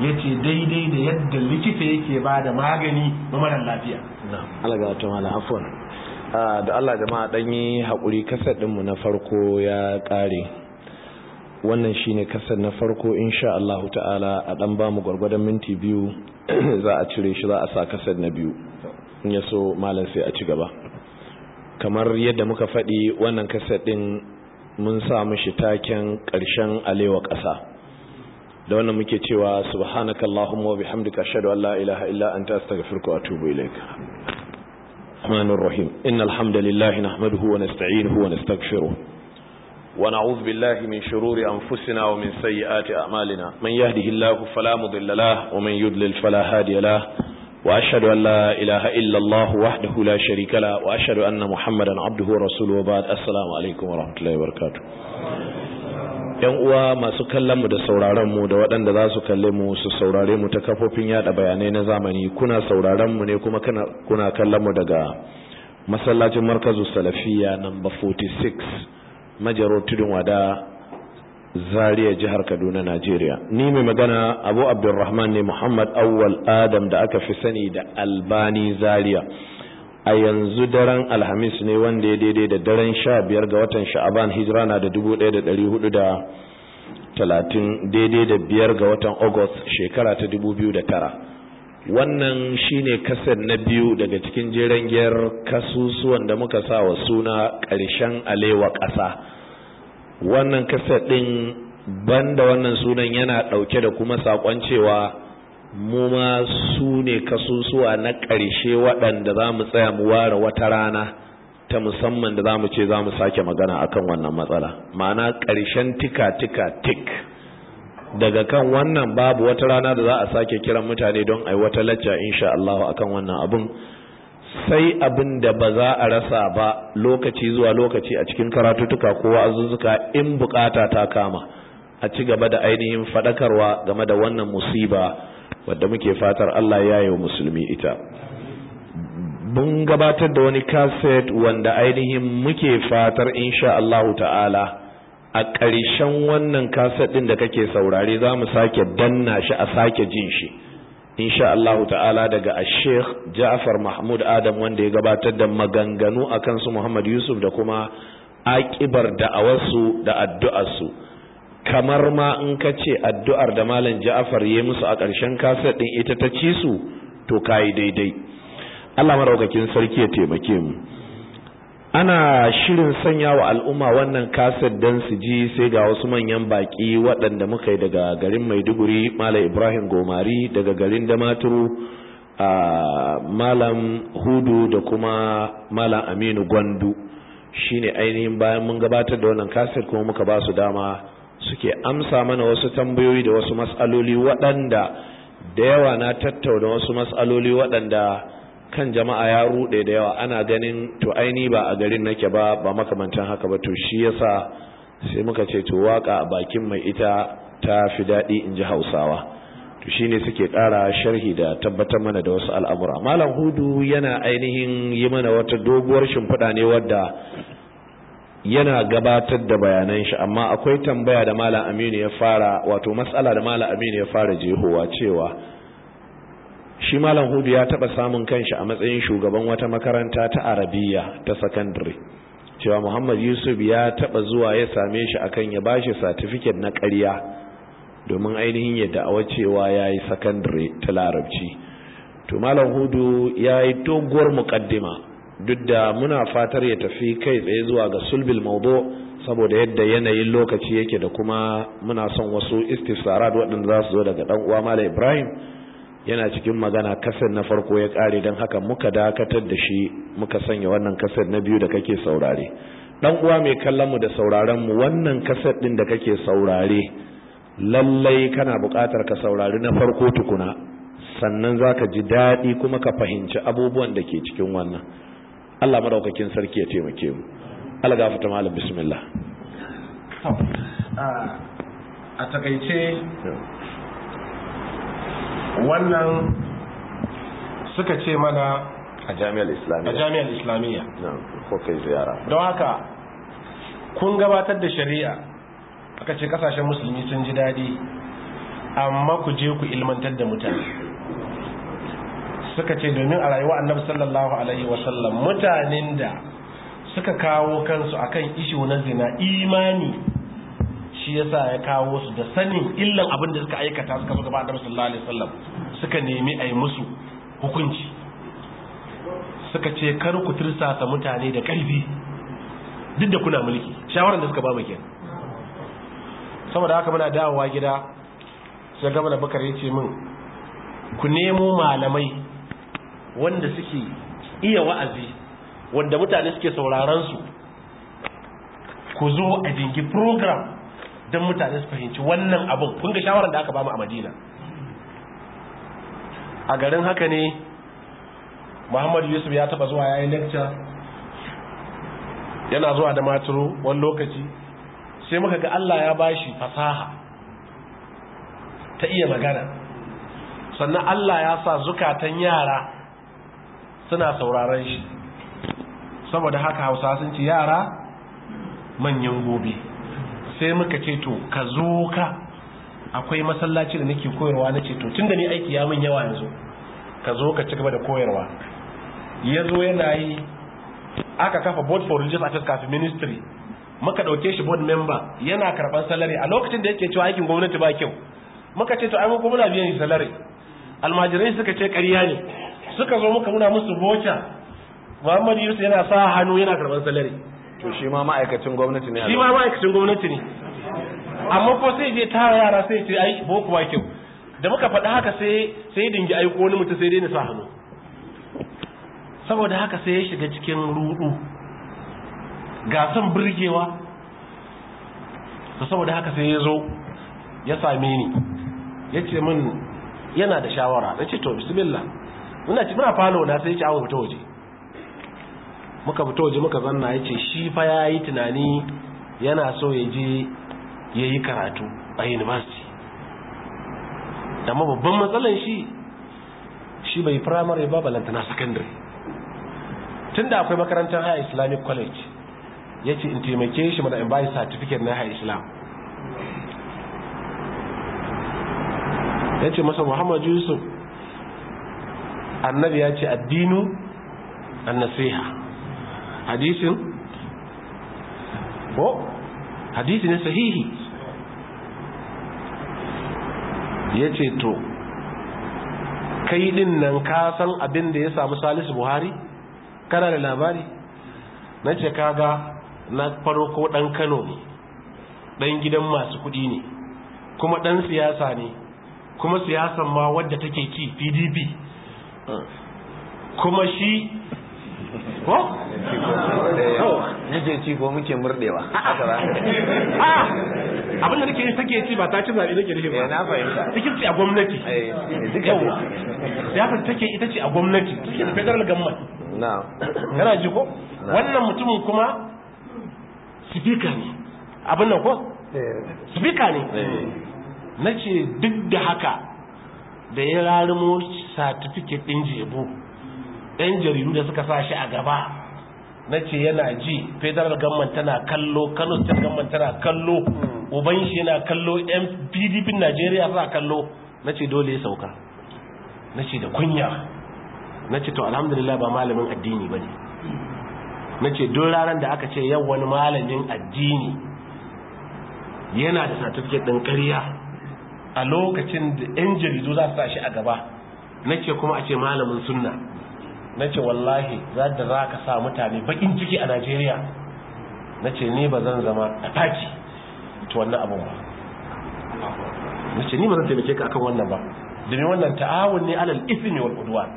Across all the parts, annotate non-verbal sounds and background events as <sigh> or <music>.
ya ce daidai da yadda likita yake ba da magani ba mara lafiya alaga wata mala afon. Ah, da allah jama'a ɗanyi haƙuri kasar ɗinmu na farko ya ƙare wannan shi ne kasar na farko insha Allah ta'ala a ɗan ba mu gwargwadon minti biyu <clears throat> za a cire shi za a sa kasar na biyu in ya so malam sai a ci gaba kamar yadda muka faɗi wannan kasar ɗin mun sa mishi taken ƙarshen alewa ƙasa da wannan muke cewa subhanaka allahumma wa bihamdika ashhadu an la ilaha illa anta astaghfiruka wa atubu ilayk rahmanur rahim innal hamdalillahi nahmaduhu wa nasta'inuhu wa nastaghfiruh wa na'udhu billahi min shururi anfusina wa min sayyiati a'malina man yahdihillahu fala mudilla lahu wa man yudlil fala hadiya lahu wa ashhadu an la ilaha illa allah wahdahu la sharika lahu wa ashhadu anna abduhu wa rasuluhu ba'd assalamu alaykum wa wa barakatuh yan uwa masu kallon mu da sauraron mu da waɗanda za su kalle mu su saurare mu ta kafofin yada bayanai na zamani kuna sauraron mu ne kuma kuna kallon mu daga masallacin markazu salafiya namba 46 majaro tudun wada zaria jihar kaduna najeriya ni mai magana abu abdulrahman ne muhammad awwal adam da aka fi sani da albani zaria a yanzu daren alhamis ne wanda ya daidai da daren sha biyar ga watan sha'aban hijira na da dubu ɗaya da ɗari hudu da talatin daidai da biyar ga watan august shekara ta dubu biyu da tara wannan shi ne kasar na biyu daga cikin jeren giyar kasusuwan da muka sa wa suna ƙarshen alewa ƙasa wannan kasar ɗin banda wannan sunan yana ɗauke da kuma saƙon cewa mu ma su ne kasusuwa na ƙarshe waɗanda za mu tsaya mu ware wata rana ta musamman da za mu ce za mu sake magana akan wannan matsala ma'ana ƙarshen tika-tika tik daga kan wannan babu wata rana da za a sake kiran mutane don a yi wata lacca insha Allah akan wannan abin sai abin da ba za a rasa ba lokaci zuwa lokaci a cikin karatutuka ko azuzuka in bukata ta kama a ci gaba da ainihin faɗakarwa game da wannan musiba wadda muke fatar Allah ya yi wa musulmi ita mun gabatar da wani kaset wanda ainihin muke fatar insha Allahu ta'ala a ƙarshen wannan kaset ɗin da kake saurare za mu sake danna shi a sake jin shi insha Allah ta'ala daga Sheikh Ja'far Mahmud Adam wanda ya gabatar da maganganu a kansu Muhammad Yusuf da kuma aƙibar da'awarsu da addu'arsu kamar ma in ka ce addu'ar da malam ja'afar ya musu a ƙarshen kasa ɗin ita ta ci su to ka yi daidai allah maraukakin sarki ya taimake mu ana shirin sanya wa al'umma wannan kasar don su ji sai ga wasu manyan baƙi waɗanda muka yi daga garin maiduguri malam ibrahim gomari daga garin damaturu a malam hudu da kuma malam aminu gwandu shine ainihin bayan mun gabatar da wannan kasar kuma muka ba su dama suke amsa mana wasu tambayoyi da wasu matsaloli waɗanda da yawa na tattauna wasu matsaloli waɗanda kan jama'a ya ruɗe da yawa ana ganin to aini ba a garin nake ba ba makamantan haka ba to shi yasa sai muka ce to waka a bakin mai ita ta fi daɗi in ji hausawa to shi ne suke ƙara sharhi da tabbatar mana da wasu al'amura malam hudu yana ainihin yi mana wata doguwar shimfiɗa ne wadda yana gabatar da bayanan shi amma akwai tambaya da malam aminu ya fara wato matsala da malam aminu ya fara jehowa cewa shi malam hudu ya taba samun kanshi a matsayin shugaban wata makaranta ta arabiya ta sakandare cewa muhammad yusuf ya taba zuwa ya same shi akan ya ba shi satifiket na ƙarya domin ainihin ya a cewa ya yi sakandare ta larabci to malam hudu ya yi doguwar muƙaddima duk da muna fatar ya tafi kai tsaye zuwa ga sulbil maudu saboda yadda yanayin lokaci yake da kuma muna son wasu istifsarat waɗanda za su zo daga ɗan uwa mala ibrahim yana cikin magana kasar na farko ya ƙare don haka muka dakatar da shi muka sanya wannan kasar na biyu da kake saurare ɗan uwa mai kallon mu da sauraren mu wannan kasar ɗin da kake saurare lallai kana buƙatar ka saurari na farko tukuna sannan za ka ji daɗi kuma ka fahimci abubuwan da ke cikin wannan Allah madaukakin sarki ya taimake mu Allah gafarta malam bismillah a takaice wannan suka ce mana a jami'ar islamiyya a jami'ar islamiyya ko kai ziyara don haka kun gabatar da shari'a aka ce kasashen musulmi sun ji daɗi amma ku je ku ilmantar da mutane suka ce domin a rayuwa annabi sallallahu alaihi wasallam mutanen da suka kawo kansu akan ishu na zina imani shi yasa ya kawo su da sanin illan abin da suka aikata suka gaba annabi sallallahu alaihi wasallam suka nemi ai musu hukunci suka ce kar ku tirsasa mutane da karfi duk da kuna mulki shawaran da suka ba mu saboda haka muna dawowa gida sai gaba da bakar ya ce min ku nemo malamai wanda suke iya wa'azi wanda mutane suke sauraron su ku zo a dingi program don mutane su fahimci wannan abin kun ga shawarar da aka bamu a madina a garin haka ne muhammadu yusuf ya taba zuwa ya yi lecture yana zuwa da maturu wani lokaci sai muka ga allah ya ba shi fasaha ta iya magana sannan allah ya sa zukatan yara suna sauraron shi saboda haka hausa sun ce yara manyan gobe sai muka ce to ka zo ka akwai masallaci da nake koyarwa na ce to da ni aiki ya min yawa yanzu ka zo ka ci gaba da koyarwa ya zo yana yi aka kafa board for religious affairs kafin ministry muka ɗauke shi board member yana karban salari a lokacin da yake cewa aikin gwamnati ba kyau muka ce to ai mu kuma muna biyan salari almajirai suka ce ƙarya ne suka zo muka muna musu rocha Muhammadu Yusuf yana sa hannu yana karban salari to shi ma ma'aikacin gwamnati ne shi ma ma'aikacin gwamnati ne amma ko sai je tara yara sai ce ai boko ba kyau da muka faɗi haka sai sai dingi aiko wani mutum sai dai ni sa hannu saboda haka sai ya shiga cikin rudu ga son burgewa saboda haka sai ya zo ya same ni ya ce min yana da shawara na ce to bismillah muna ci muna falo na sai ya ce awo fito waje muka fito waje muka zanna ya ce shi fa ya yi tunani yana so ya je ya yi karatu a university amma babban matsalan shi shi bai primary ba balantana secondary tun da akwai makarantar high islamic college ya ce in taimake shi mana in bai certificate na high islam ya ce masa muhammad yusuf annabi ya ce addinu annasiha hadisin ko hadisi ne sahihi ya ce to kai din nan ka san abin da ya samu salisu buhari kana da labari na ce kaga na farko dan kano ne dan gidan masu kudi ne kuma dan siyasa ne kuma siyasan ma wadda take ci pdp kuma shi ko? muke ci ko muke murdewa abinda nake yi take ci ba ta ci zaɓe nake nufi ba eh, na fahimta take ci a gwamnati eh, yawa take ita ce a gwamnati take federal government na kana ji ko wannan mutumin kuma speaker ne abin nan ko eh. speaker ne na ce duk da haka da ya rarumo satifiket ɗin jebo ɗan jaridu da suka sa shi a gaba na ce yana ji federal government tana kallo kano state government tana kallo uban shi yana kallo yan pdp najeriya suna kallo na ce dole ya sauka na ce da kunya na ce to alhamdulillah ba malamin addini ba ne na ce don ranar da aka ce yau wani malamin addini yana da satifiket ɗin ƙarya a lokacin da yan jaridu za su tashi a gaba nake kuma a ce malamin sunna nake wallahi za da za ka sa mutane bakin ciki a najeriya nake ni ba zan zama a taki ta wannan abin ba nake ni ba zan taimake ka akan wannan ba domin wannan ta'awun ne alal ismi wal udwan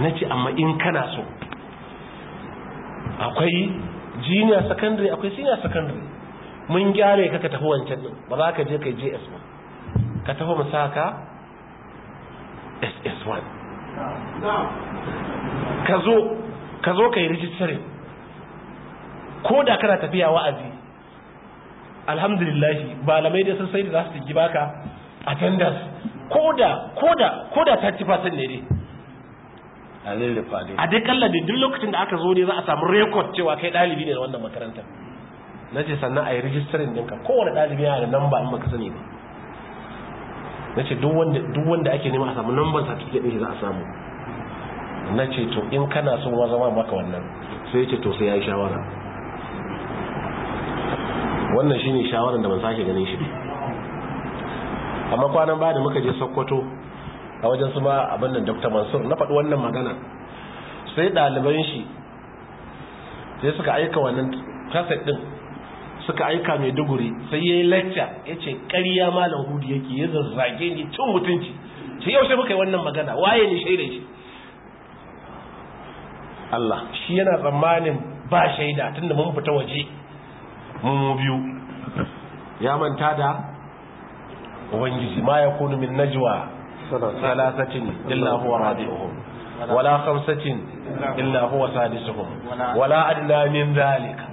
nake amma in kana so akwai junior secondary akwai senior secondary mun gyare ka ka tafi wancan din ba za ka je kai js ba ka tafi mu saka ss1 ka zo ka zo kai registering ko da kana tafiya wa'azi alhamdulillah malamai da sun sai da za su ji baka attendance ko da koda 30% ne dai a lullufa dai a dai kalla da duk lokacin da aka zo ne za a samu rekod cewa kai ɗalibi ne da wannan makarantar na ce sannan a yi rijistarin ɗinka kowane ɗalibi yana da namba in baka sani ba na ce duk wanda ake nema a samu namban tuke ɗin shi za a samu na ce to in kana son wa zama maka wannan sai ce to sai ya yi shawara wannan shi ne shawarar da ban sake ganin shi amma kwanan ba da muka je sokoto a wajen su ba abin da dr mansur na faɗi wannan magana sai ɗaliban shi sai suka aika wannan kaset ɗin suka aika mai duguri sai ya yi lacca ya ce ƙarya malam hudu yake ya zazzage ni tun mutunci ce yaushe muka yi wannan magana waye ne shaida shi Allah shi yana tsammanin ba shaida tun da mun fita waje mun biyu ya manta da ubangiji ma ya kunu min najwa salasatin illa huwa rabi'uhum wala Kamsacin illa huwa sadisuhum wala adna min dhalika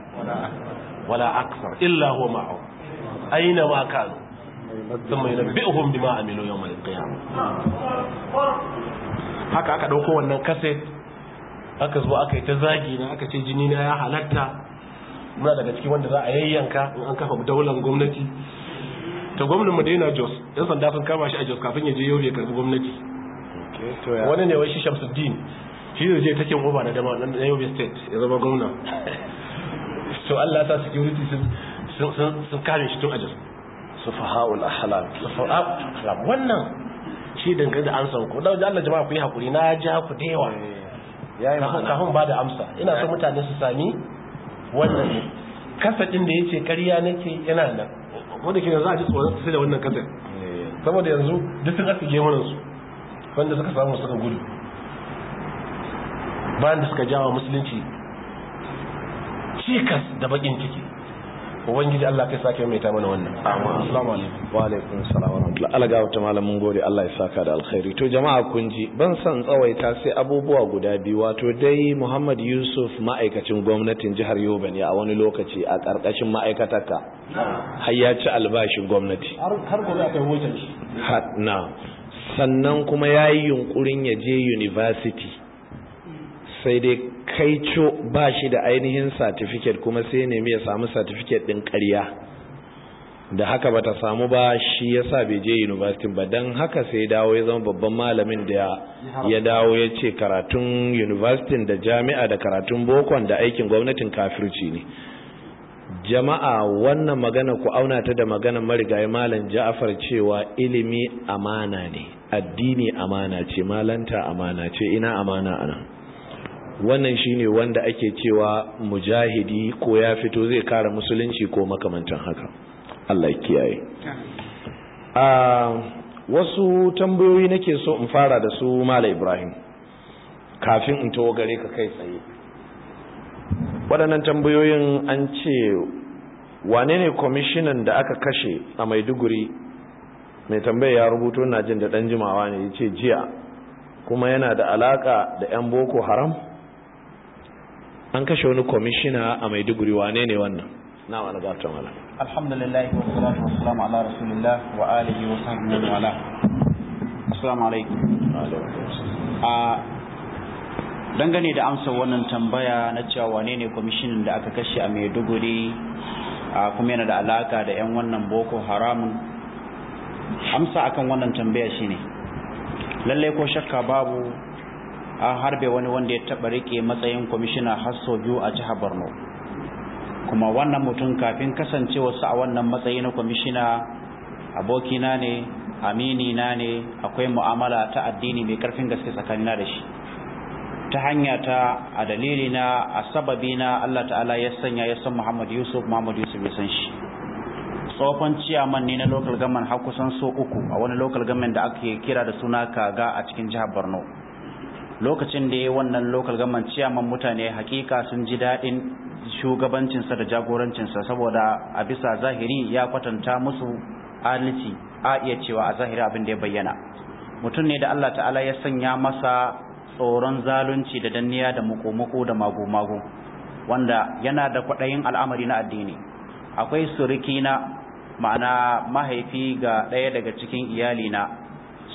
wala aksar illa huwa ma'ahu aina ma kanu thumma yunabbi'uhum bima amilu yawm al-qiyamah haka aka dauko wannan kase aka zo aka yi ta zagi na aka ce jini na ya halatta muna daga cikin wanda za a yayyanka an kafa daular gwamnati ta gwamnan madaina jos yan sanda sun kama shi a jos kafin ya je yau ya karbi gwamnati wani ne wai shi shamsuddin shi ne zai taken uba na dama na yau state ya zama gwamna to Allah ya sa security sun sun kare shi tun ajal su fahaul sufaha'ul ahlam wannan shi dangane da an sauko da Allah jama'a ku yi hakuri na ja ku da yawa eh, yayi kafin ba da amsa ina so eh. mutane su sami wannan kasadin da yace na nake yana nan da ke za a ji tsoron sai da wannan kasadin eh. saboda yanzu duk sun aka gemunan su wanda suka samu suka gudu bayan da suka jawa musulunci cikas da bakin ciki ubangiji Allah kai sake mai ta mana wannan assalamu alaikum wa alaikum assalam wa rahmatullahi Allah ga wata malamin gode Allah ya saka da alkhairi to jama'a kun ji ban san tsawaita sai abubuwa guda biyu wato dai Muhammad Yusuf ma'aikacin gwamnatin jihar Yobe ne a wani lokaci a karkashin ma'aikatarka har ya ci albashin gwamnati har wuce shi na sannan kuma yayi yunkurin ya je university sai dai Kai co ba shi da ainihin satifiket kuma sai nemi ya samu satifiket ɗin ƙarya da haka ba ta samu ba shi ya sa bai je university ba don haka sai ya dawo ya zama babban malamin da ya dawo ya ce karatun university da jami'a da karatun bokon da aikin gwamnatin kafirci ne jama'a wannan magana ku auna ta da magana marigayi malam ja'afar cewa ilimi amana ne addini amana ce malanta amana ce ina amana anan wannan shine wanda ake cewa mujahidi ko ya fito zai kara musulunci ko makamantan haka Allah ya kiyaye ah, wasu tambayoyi nake so in fara da su Malam Ibrahim kafin in tawo gare ka kai tsaye waɗannan tambayoyin an ce wane ne kwamishinan da aka kashe a Maiduguri mai tambaya ya rubuto na jin da ɗan jimawa ne ya ce jiya kuma yana da alaka da 'yan boko haram an kashe wani kwamishina a maiduguri wane ne wannan na wani gata mana alhamdulillah wa salatu wa salamu ala rasulullah wa alihi wa sahbihi wa ala assalamu alaikum a dangane da amsa wannan tambaya na cewa wane ne kwamishinan da aka kashe a maiduguri kuma yana da alaka da 'yan wannan boko haramun amsa akan wannan tambaya shine lallai ko shakka babu an harbe wani wanda ya taɓa rike matsayin kwamishina har sau biyu a jihar borno kuma wannan mutum kafin kasancewarsa a wannan matsayi na kwamishina abokina ne amini na ne akwai mu'amala ta addini mai karfin gaske tsakanina da shi ta hanya ta a dalili na a sababi na Allah ta'ala ya sanya ya san Muhammad Yusuf Muhammad Yusuf ya san shi tsofan ciyaman ne na local government har kusan so uku a wani local government da ake kira da suna kaga a cikin jihar Borno lokacin da ya wannan local government ciyaman mutane hakika sun ji daɗin shugabancinsa da jagorancinsa saboda a bisa zahiri ya kwatanta musu adalci a iya cewa a zahiri abin da ya bayyana mutum ne da Allah ta'ala ya sanya masa tsoron zalunci da danniya da muku-muku da magu-magu, wanda yana da kwaɗayin al'amari na addini akwai suriki na ma'ana mahaifi ga ɗaya daga cikin iyalina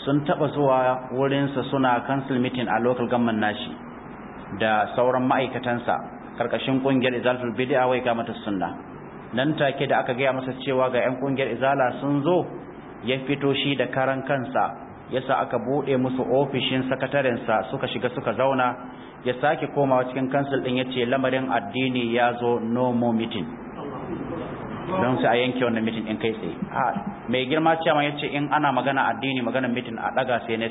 sun taba zuwa wurinsa suna council meeting a local government nashi da sauran ma'aikatansa karkashin kungiyar izalatul bid'a wai ga mata sunna nan take da aka gaya masa cewa ga yan kungiyar izala sun zo ya fito shi da karan kansa yasa aka bude musu ofishin sakataren sa suka shiga suka zauna ya sake komawa cikin council din yace lamarin addini ya zo no more meeting don sai a yanke wannan mitin ɗin kai tsaye mai girma cewa ya ce in ana magana addini magana mitin a daga sai na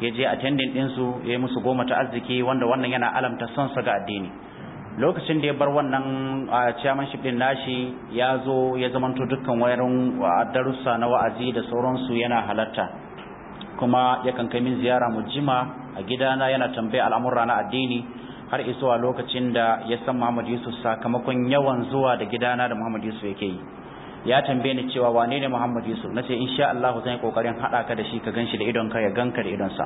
ya je attending ɗinsu ya yi musu goma ta arziki wanda wannan yana alamta son sa ga addini lokacin da ya bar wannan ship din nashi ya zo ya zamanto dukkan wayarin darussa na wa'azi da sauransu yana halarta. kuma ya kai min ziyara mu jima a gidana yana tambaye al'amuran na addini har isuwa lokacin da ya san Muhammad Yusuf sakamakon yawan zuwa da gidana da Muhammad Yusuf yake yi ya tambaye ni cewa wane ne Muhammad Yusuf nace insha Allah zan yi kokarin hada ka da shi ka ganshi da idon ka ya ganka da idon sa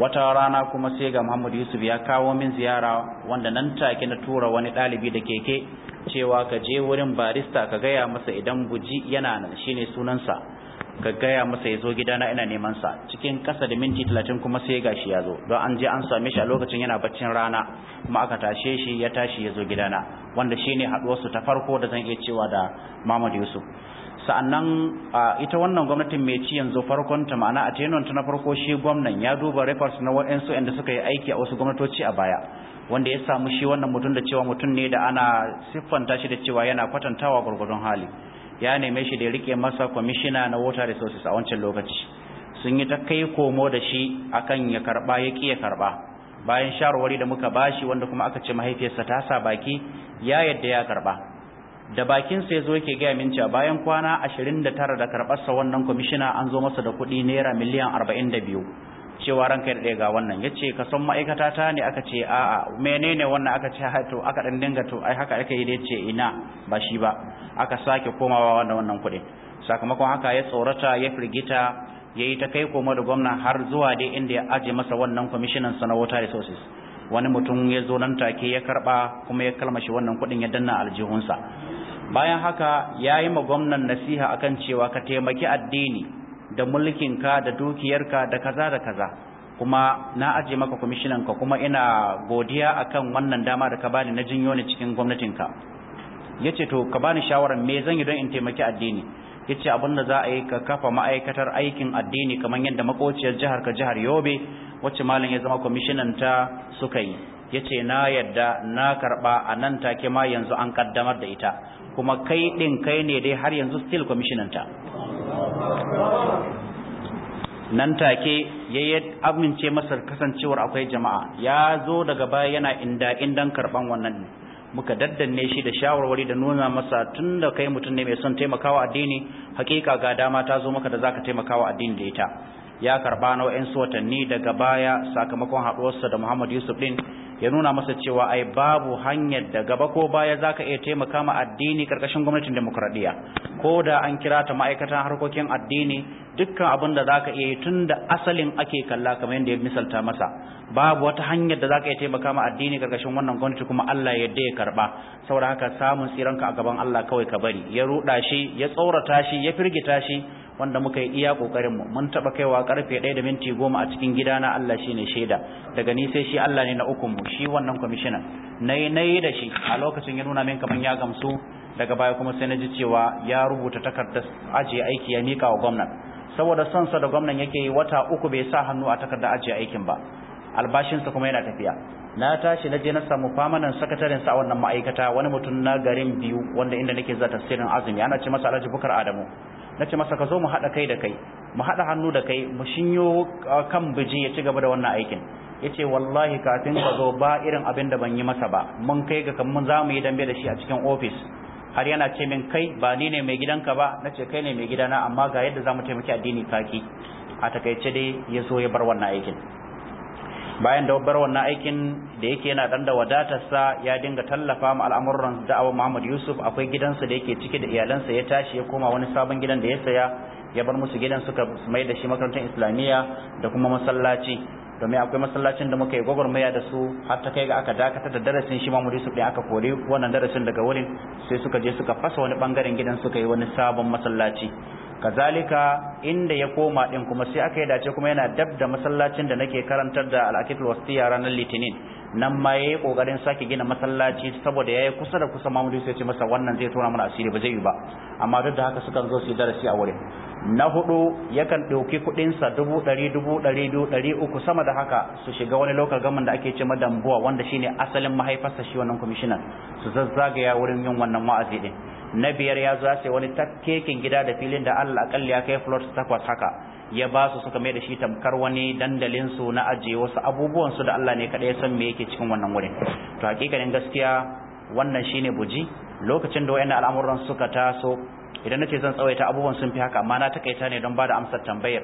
wata rana kuma sai ga Muhammad Yusuf ya kawo min ziyara wanda nan take na tura wani dalibi da keke cewa ka je wurin barista ka gaya masa idan buji yana nan shine sunansa ka gaya masa ya zo gidana ina neman sa cikin kasa da minti talatin kuma sai gashi ya zo don an je an same shi a lokacin yana baccin rana kuma aka tashe shi ya tashi ya zo gidana wanda shine haɗuwarsu ta farko da zan iya cewa da Muhammad Yusuf sa'annan ita wannan gwamnatin mai ci yanzu farkon ta ma'ana a tenon ta na farko shi gwamnan ya duba records na wa'ansu inda suka yi aiki a wasu gwamnatoci a baya wanda ya samu shi wannan mutum da cewa mutum ne da ana siffanta shi da cewa yana kwatantawa gwargwadon hali ya neme shi da ya rike masa kwamishina na water resources a wancan lokaci sun yi ta kai komo da shi akan ya karba ya ƙi ya karba bayan shawarwari da muka bashi wanda kuma aka ce mahaifiyarsa ta sa baki ya yadda ya karba da bakin sai zo yake gaya min cewa bayan kwana 29 da karbarsa wannan kwamishina an zo masa da kuɗi naira miliyan 42 cewa ranka da ɗaya ga wannan ya ce ka san ma'aikata ta ne aka ce a'a menene wannan aka ce haito aka ɗan dinga to ai haka aka yi da ce ina ba shi ba aka sake komawa wannan wannan kuɗin sakamakon haka ya tsorata ya firgita ya yi ta kai koma da gwamna har zuwa dai inda ya aje masa wannan kwamishinan sana water resources wani mutum ya zo nan take ya karɓa kuma ya kalmashi wannan kuɗin ya danna aljihunsa bayan haka ya yi ma gwamnan nasiha akan cewa ka taimaki addini da mulkin ka da dukiyarka da kaza da kaza kuma na aje maka ka kuma ina godiya akan wannan dama da ka bani na jinyo ne cikin gwamnatinka ya ce to ka bani shawarar me zan yi don in taimaki addini ya ce abin da za a yi ka kafa ma'aikatar aikin addini kamar yadda makociyar jihar ka jihar yobe wacce malam ya zama kwamishinan ta suka yi ya ce na yadda na karɓa a nan take ma yanzu an kaddamar da ita kuma kai ɗin kai ne dai har yanzu still kwamishinan ta nan take ya amince masa kasancewar akwai jama'a ya zo daga baya yana inda indan karban wannan ne muka daddanne shi da shawarwari da nuna masa tunda kai mutum ne mai son taimakawa addini hakika ga dama ta zo maka da zaka taimakawa addini da ita ya karba na wa'in watanni daga baya sakamakon haɗuwarsa da Muhammad Yusuf din ya nuna masa cewa ai babu hanyar da gaba ko baya za ka iya taimaka ma addini karkashin gwamnatin demokuraɗiyya ko da an kira ta ma'aikatan harkokin addini dukkan abin da za ka iya yi tun da asalin ake kalla kamar yadda ya misalta masa babu wata hanyar da za ka iya taimaka ma addini karkashin wannan gwamnati kuma Allah ya yadda ya karɓa saboda haka samun tsiranka a gaban Allah kawai ka bari ya ruɗa shi ya tsorata shi ya firgita shi wanda muka yi iya kokarin mu mun taba kaiwa karfe 1 da minti 10 a cikin gidana Allah shine shaida daga ni sai shi Allah ne na ukun mu shi wannan commissioner nayi nayi da shi a lokacin ya nuna min kaman ya gamsu daga baya kuma sai na ji cewa ya rubuta takardar ajiye aiki ya mika wa gwamnati saboda son sa da gwamnan yake yi wata uku bai sa hannu a takardar ajiye aikin ba albashin sa kuma yana tafiya na tashi na je na samu famanan sakataren sa wannan ma'aikata wani mutum na garin biyu wanda inda nake za tafsirin azumi ana ce masa Alhaji Bukar Adamu na ce masa ka zo mu haɗa kai da kai mu haɗa hannu da kai mu shinyo kan biji ya ci gaba da wannan aikin ya ce wallahi kafin ka zo ba irin abin da ban yi masa ba mun kai ga mun za mu yi dambe da shi a cikin ofis har yana ce min kai ba ni ne mai gidanka ba na ce kai ne mai gidana amma ga yadda za mu taimaki addini kaki a takaice dai ya zo ya bar wannan aikin bayan da bar wannan aikin da yake yana dan da wadatarsa ya dinga tallafa ma al'amuran da'awar Muhammad Yusuf akwai gidansa da yake ciki da iyalansa ya tashi ya koma wani sabon gidan da ya saya ya bar musu gidan suka mai da shi makarantar Islamiyya da kuma masallaci domin akwai masallacin da muka yi gwagwarmaya da su har ta kai ga aka dakatar da darasin shi Muhammad Yusuf ɗin aka kori wannan darasin daga wurin sai suka je suka fasa wani bangaren gidan suka yi wani sabon masallaci kazalika inda ya koma din kuma sai aka yi dace kuma yana dab da masallacin da nake karantar da al-akil wasiya ranar litinin nan ma yayi kokarin sake gina masallaci saboda yayi kusa da kusa mamudu sai ce masa wannan zai tona mana asiri ba zai yi ba amma duk da haka suka zo su yi darasi a wurin na hudu yakan ɗauki kuɗinsa dubu ɗari dubu ɗari biyu ɗari uku sama da haka su shiga wani local government da ake ce madambuwa wanda shine asalin mahaifarsa shi wannan kwamishinan su zazzagaya wurin yin wannan wa'azi din na biyar ya zuwa sai wani takkekin gida da filin da Allah akalli ya kai floor takwas haka ya ba su suka mai da shi tamkar wani dandalin su na ajiye wasu abubuwan su da Allah ne kada ya san me yake cikin wannan wurin to hakikanin gaskiya wannan shine buji lokacin da wayannan al'amuran suka taso idan na ce zan tsawaita abubuwan sun fi haka amma na takaita ne don bada amsar tambayar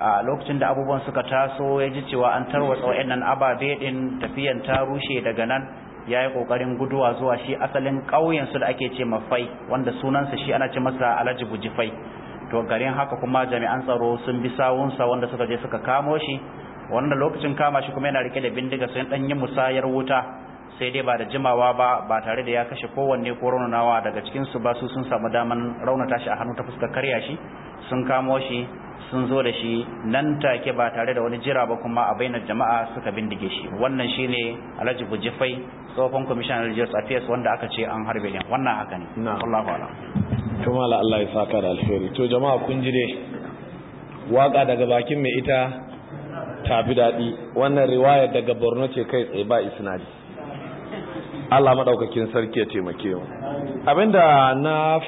a lokacin da abubuwan suka taso ya ji cewa an tarwatsa wayannan ababe din tafiyan ta rushe daga nan ya yi kokarin guduwa zuwa shi asalin ƙauyen da ake ce mafai wanda sunansa shi ana ce masa Alhaji Bujifai to garin haka kuma jami'an tsaro sun bi sawunsa wanda suka je suka kamo shi wanda lokacin kama shi kuma yana rike da bindiga sun dan yi musayar wuta sai dai ba da jimawa ba ba tare da ya kashe kowanne ko raunawa daga cikinsu ba su sun samu daman raunata shi a hannu ta fuskar karya shi sun kamo shi sun zo da shi nan take ba tare da wani jira ba kuma a bainar jama'a suka bindige shi wannan shi ne alhaji bujifai tsohon kwamishinan religious affairs wanda aka ce an harbe ne wannan haka ne Allahu a'lam kuma mala Allah ya saka da alheri to jama'a kun ji waka daga bakin mai ita tafi daɗi wannan riwayar daga Borno ce kai tsaye ba isnadi Allah maɗaukakin sarki ya taimake mu abinda na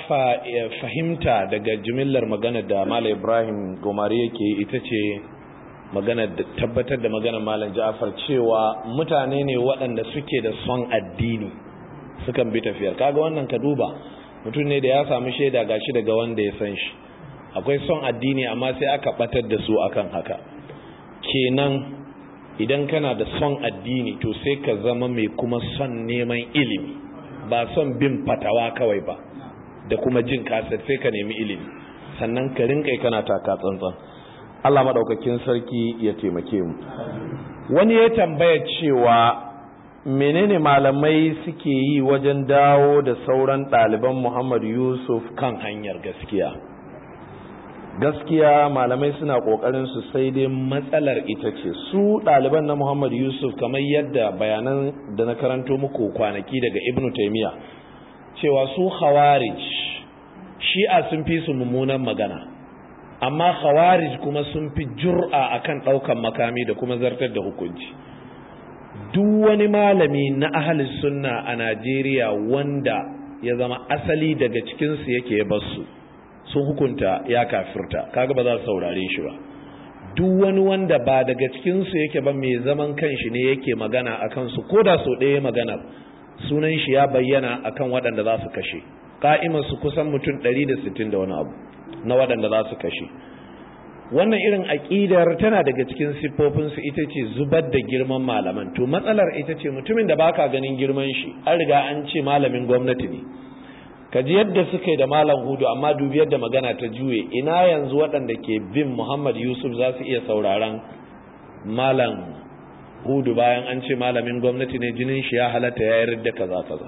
eh, fahimta daga jimillar magana da Malam Ibrahim Gomari yake ita ce magana da tabbatar da magana Malam Ja'far cewa mutane ne waɗanda suke da son addini sukan bi tafiyar kaga wannan ka duba mutum ne da ya samu shaida gashi daga wanda ya san shi akwai son addini amma sai aka batar da su akan haka kenan idan kana da son addini to sai ka zama mai kuma son neman ilimi ba son bin fatawa kawai ba da kuma jin kasar sai ka nemi ilimi sannan ka rinkai kana taka tsantsan Allah maɗaukakin sarki ya taimake mu wani ya tambaya cewa menene malamai suke yi wajen dawo da sauran ɗaliban Muhammad Yusuf kan hanyar gaskiya gaskiya malamai suna kokarin su sai dai matsalar ita ce su ɗaliban na Muhammad Yusuf kamar yadda bayanan da na karanto muku kwanaki daga Ibn taimiyya cewa su khawarij shi'a sun fi su mummunan magana amma khawarij kuma sun fi jur'a a kan ɗaukan makami da kuma zartar da hukunci duk wani malami na ahali sunna a Najeriya wanda ya zama asali daga cikinsu yake basu sun hukunta ya kafirta kaga ba za su saurare shi ba duk wani wanda ba daga cikinsu yake ba mai zaman kanshi ne yake magana a kansu ko da sau ɗaya magana sunan shi ya bayyana akan waɗanda za su kashe ka'imar su kusan mutum 160 da wani abu na waɗanda za su kashe wannan irin aƙidar tana daga cikin siffofinsu ita ce zubar da girman malaman to matsalar ita ce mutumin da baka ganin girman shi an riga an ce malamin gwamnati ne ka ji yadda suka yi da malam hudu amma dubi yadda magana ta juye ina yanzu waɗanda ke bin muhammad yusuf za su iya sauraron malam hudu bayan an ce malamin gwamnati ne jinin shi ya halatta ya yarda kaza kaza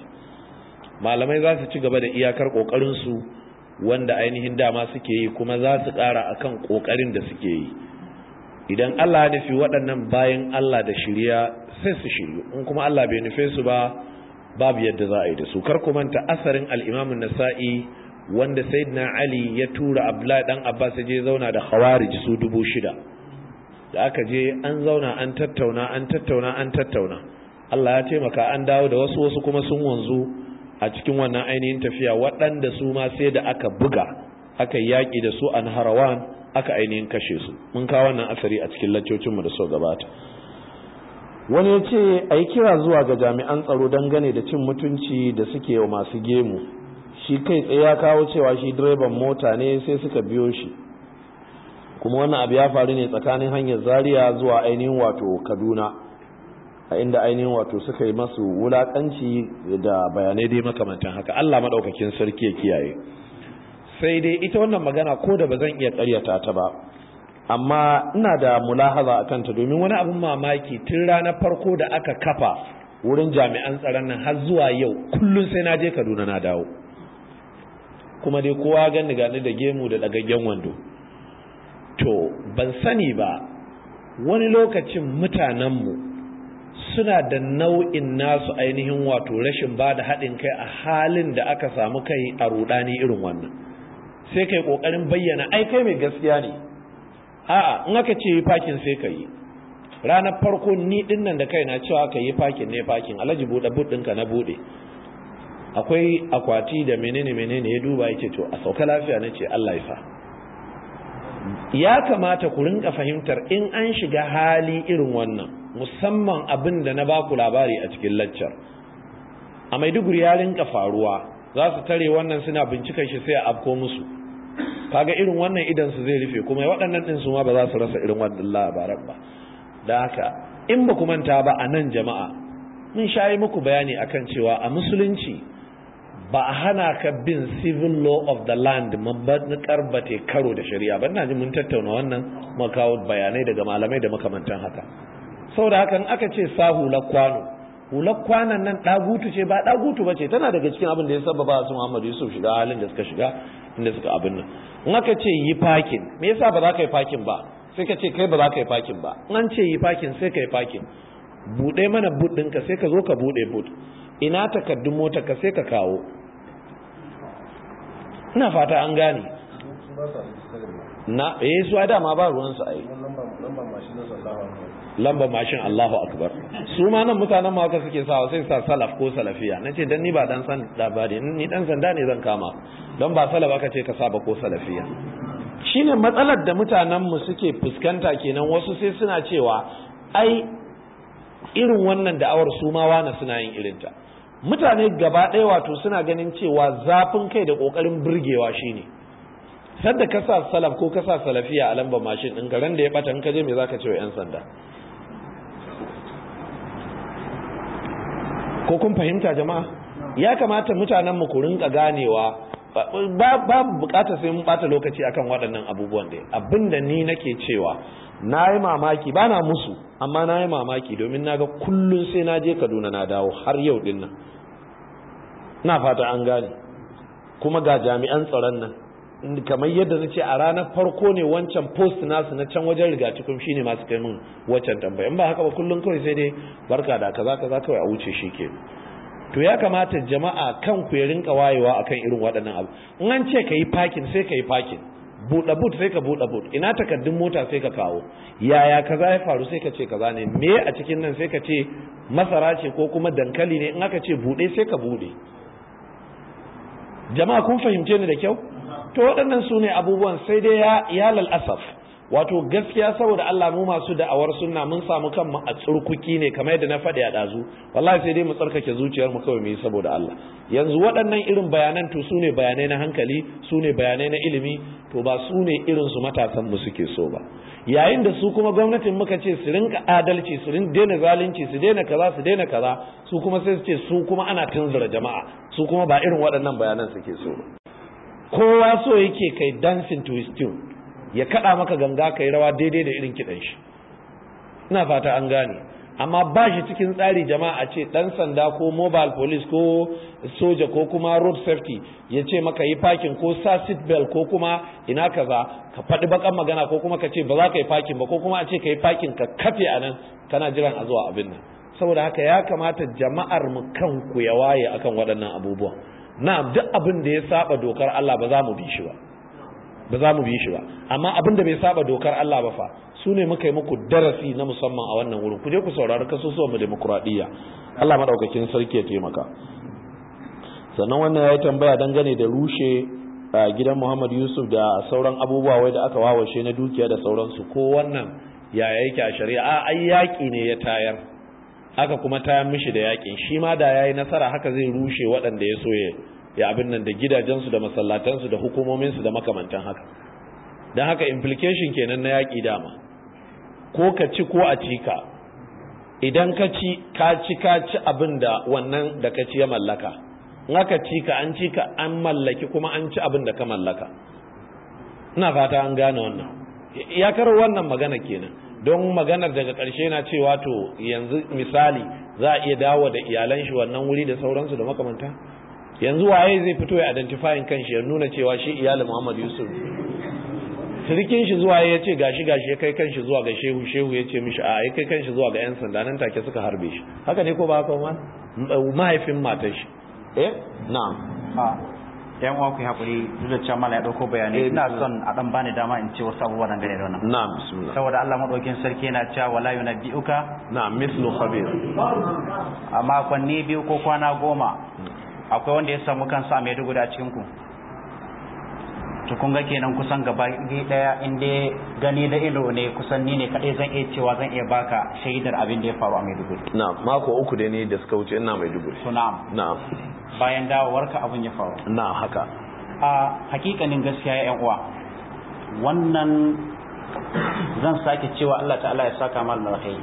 malamai za su ci gaba da iyakar kokarin su wanda ainihin dama suke yi kuma za su ƙara kan kokarin da suke yi idan Allah ya nufi waɗannan bayan Allah da shirya sai su shiryu in kuma Allah bai nufe su ba babu yadda za a yi da su kar ku manta asarin al-Imam an-Nasa'i wanda Sayyidina Ali ya tura Abdullahi dan Abbas ya je zauna da Khawarij su dubu shida da aka je an zauna an tattauna an tattauna an tattauna Allah ya taimaka an dawo da wasu wasu kuma sun wanzu a cikin wannan ainihin tafiya waɗanda su ma sai da aka buga aka yaƙi da su an harawan aka ainihin kashe su mun kawo wannan asari a cikin laccocinmu da so gabata wani ya ce a yi kira zuwa ga jami'an tsaro dangane da cin mutunci da suke wa masu gemu shi kai tsaye ya kawo cewa shi direban mota ne sai suka biyo shi kuma wannan abu ya faru ne tsakanin hanyar Zariya zuwa ainihin wato kaduna a inda ainihin wato suka yi masu wulakanci da bayanai dai makamantan haka allah maɗaukakin sarki ya kiyaye sai dai ita wannan magana ko da ba zan iya ƙaryata ta ba amma ina da mulahaza a kanta domin wani abin mamaki tun ranar farko da aka kafa wurin jami'an tsaron nan har zuwa yau kullum sai na je kaduna na dawo kuma dai kowa gani gani da gemu da ɗagagen wando to ban sani ba wani lokacin mutanenmu suna da nau'in nasu ainihin wato rashin ba da haɗin kai a halin da aka samu kai a rudani irin wannan sai kai ƙoƙarin bayyana ai kai mai gaskiya ne a'a in aka ce yi fakin sai ka yi ranar farko ni din nan da na cewa ka yi fakin ne fakin alhaji buɗe buɗinka na buɗe akwai akwati da menene menene ya duba yake to a sauka lafiya na ce Allah ya fa ya kamata ku rinka fahimtar in an shiga hali irin wannan musamman abin da na baku labari a cikin laccar a maiduguri ya rinka faruwa za su tare wannan suna bincikan shi sai a afko musu kaga irin wannan idan su zai rufe kuma waɗannan ɗin su ma ba za su rasa irin wannan labaran ba da haka in ba ku manta ba a nan jama'a mun sha yi muku bayani akan cewa a musulunci ba a hana ka bin civil law of the land mabbaƙar ba te karo da shari'a ba ina ji mun tattauna wannan makawo bayanai daga malamai da makamantan haka saboda haka in aka ce sahu la kwano hular kwanan nan ɗagutu ce ba ɗagutu ba ce tana daga cikin abin da ya sababa su Muhammadu Yusuf shiga halin da suka shiga inda suka abin nan in aka ce yi fakin me yasa ba za ka yi fakin ba sai ka ce kai ba za ka yi fakin ba in an ce yi fakin sai ka yi fakin buɗe mana bud ɗinka sai ka zo ka buɗe bud. ina takardun mota ka sai ka kawo ina fata an gane na eh su dama ba ruwan a ai lamba mashin Allahu akbar su ma nan mutanen ma suke sawa sai sa salaf ko salafiya nace dan ni ba dan san da ba ni dan sanda ne zan kama don ba salaf aka ce ka saba ko salafiya shine matsalar da mutanen mu suke fuskanta kenan wasu sai suna cewa ai irin wannan da'awar su ma wani suna yin irinta mutane gaba ɗaya wato suna ganin cewa zafin kai da ƙoƙarin burgewa shine sadda ka sa salaf ko ka sa salafiya a lambar mashin ɗin garin da ya ɓata in ka je me zaka ce wa 'yan sanda ko kun fahimta jama'a ya kamata mutanen mu ku rinka ganewa babu bukatar sai mun bata lokaci akan waɗannan abubuwan dai abinda ni nake cewa na yi mamaki ba na musu amma na yi mamaki domin na ga kullum sai na je kaduna na dawo har yau dinnan. Ina na fata an gane kuma ga jami'an tsaron nan kamar yadda na ce a ranar farko ne wancan post nasu na can wajen riga cikin shi ne masu kai wancan tambaya in ba haka ba kullum kawai sai dai barka da kaza kaza kawai a wuce shi ke to ya kamata jama'a kan ku ya rinka wayewa akan irin waɗannan abu in an ce ka yi parking sai ka yi parking buɗe but sai ka buɗe but ina takardun mota sai ka kawo yaya kaza ya faru sai ka ce kaza ne me a cikin nan sai ka ce masara ce ko kuma dankali ne in aka ce buɗe sai ka buɗe jama'a kun fahimce ni da kyau to waɗannan su ne abubuwan sai dai ya lalasaf wato gaskiya saboda Allah mu masu da'awar sunna mun samu kanmu a tsurkuki ne kamar yadda na faɗi a ɗazu wallahi sai dai mu tsarkake zuciyar mu kawai mu yi saboda Allah yanzu waɗannan irin bayanan to su ne bayanai na hankali su ne bayanai na ilimi to ba su ne irin su matasan mu suke so ba yayin da su kuma gwamnatin muka ce su rinka adalci su rinka daina zalunci su daina kaza su daina kaza su kuma sai su ce su kuma ana tunzura jama'a su kuma ba irin waɗannan bayanan suke so ba kowa so yake kai dancing to his tune ya kada maka ganga kai rawa daidai da irin kidan shi ina fata an gane amma ba shi cikin tsari jama'a ce dan sanda ko mobile police ko soja ko kuma road safety ya ce maka yi parking ko sa seat belt ko kuma ina kaza ka faɗi bakan magana ko kuma ka ce ba za ka yi parking ba ko kuma a ce ka yi parking ka kafe a nan kana jiran a zuwa abin nan saboda haka ya kamata jama'ar mu ku ya waye akan waɗannan abubuwan na'am duk abin da ya saba dokar Allah ba za mu bi shi ba ba za mu bi shi ba amma abin da bai saba dokar Allah ba fa su ne muka yi muku darasi na musamman a wannan wurin ku je ku saurari kasusuwan mu demokradiyya Allah madaukakin sarki ya taimaka sannan wannan ya yi tambaya dangane da rushe a gidan Muhammad Yusuf da sauran abubuwa wai da aka wawashe na dukiya da sauransu ko wannan yaya yake a shari'a ai yaƙi ne ya tayar aka kuma taya mishi da yakin shi ma da yayi nasara haka zai rushe waɗanda ya so ya abin nan da gidajensu da masallatansu da hukumominsu da makamantan haka don haka implication kenan na yaƙi dama ko ka ci ko a ci ka idan ka ci ka ci ka ci abin da wannan da ka ci ya mallaka in aka ci ka an ci ka an mallaki kuma an ci abin da ka mallaka ina fata an gane wannan ya karo wannan magana kenan don maganar daga ƙarshe na cewa to yanzu misali za a iya dawo da iyalan shi wannan wuri da sauransu da makamanta yanzu waye zai fito ya identifying shi ya nuna cewa shi iyalin Muhammad Yusuf sirkin shi zuwa ya ce gashi gashi ya kai kanshi zuwa ga shehu shehu ya ce mishi a ya kai kanshi zuwa ga yan sanda nan take suka harbe shi haka ne ko ba haka ma mahaifin matar shi eh na'am yan uwa ku hakuri duk da cewa mala ya dauko bayanai eh, ina son a dan bani dama in ce wasu abubuwa dan gare da wannan na'am bismillah saboda Allah madaukin sarki yana cewa wala yunabbi'uka na'am mislu khabir amma kwanni biyu ko kwana goma akwai wanda ya samu kansa mai dugu da cikin ku to kun ga kenan kusan gaba daya in dai gani da ilo ne kusan ni ne kadai zan iya cewa zan iya baka shaidar abin da ya faru a Maiduguri na'am mako uku da ne da suka wuce ina Maiduguri to na'am na'am bayan dawowarka abin ya faru na haka a hakikanin gaskiya yan uwa wannan zan sake cewa Allah ta'ala ya saka mal alkhairi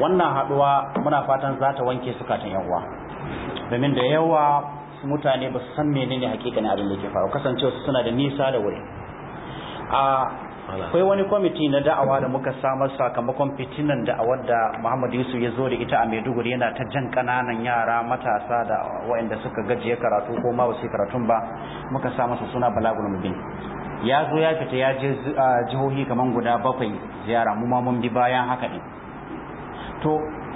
wannan haduwa muna fatan za ta wanke sukatan yan uwa domin da yawa mutane ba su san menene hakikanin abin da ke faru kasancewa suna da nisa da wuri a akwai wani kwamiti na da'awa da muka samar sakamakon fitinan da'awar da Muhammad Yusuf ya zo da ita a Maiduguri yana ta jan kananan yara matasa da waɗanda suka gajiye karatu ko ma wasu karatun ba muka sa masa suna Balagul Mubin ya zo ya fita ya je ah, jihohi kaman guda bakwai ziyara mu ma mun bi bayan haka ne to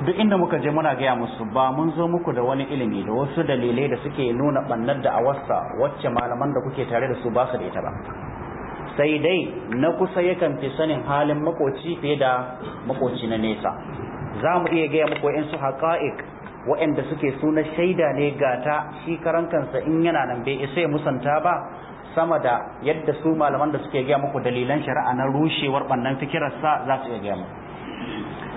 duk inda muka je muna gaya musu ba mun zo muku da wani ilimi da wasu dalilai da suke nuna bannar da awarsa wacce malaman da kuke tare da su ba su da ita ba sai dai na kusa yakan fi sanin halin makoci fiye da makoci na nesa za mu iya gaya muku in su haƙa'iq waɗanda suke suna shaida ne gata shi karan kansa in yana nan bai isa ya musanta ba sama da yadda su malaman da suke gaya muku dalilan shari'a na rushewar bannan fikirarsa za su iya gaya muku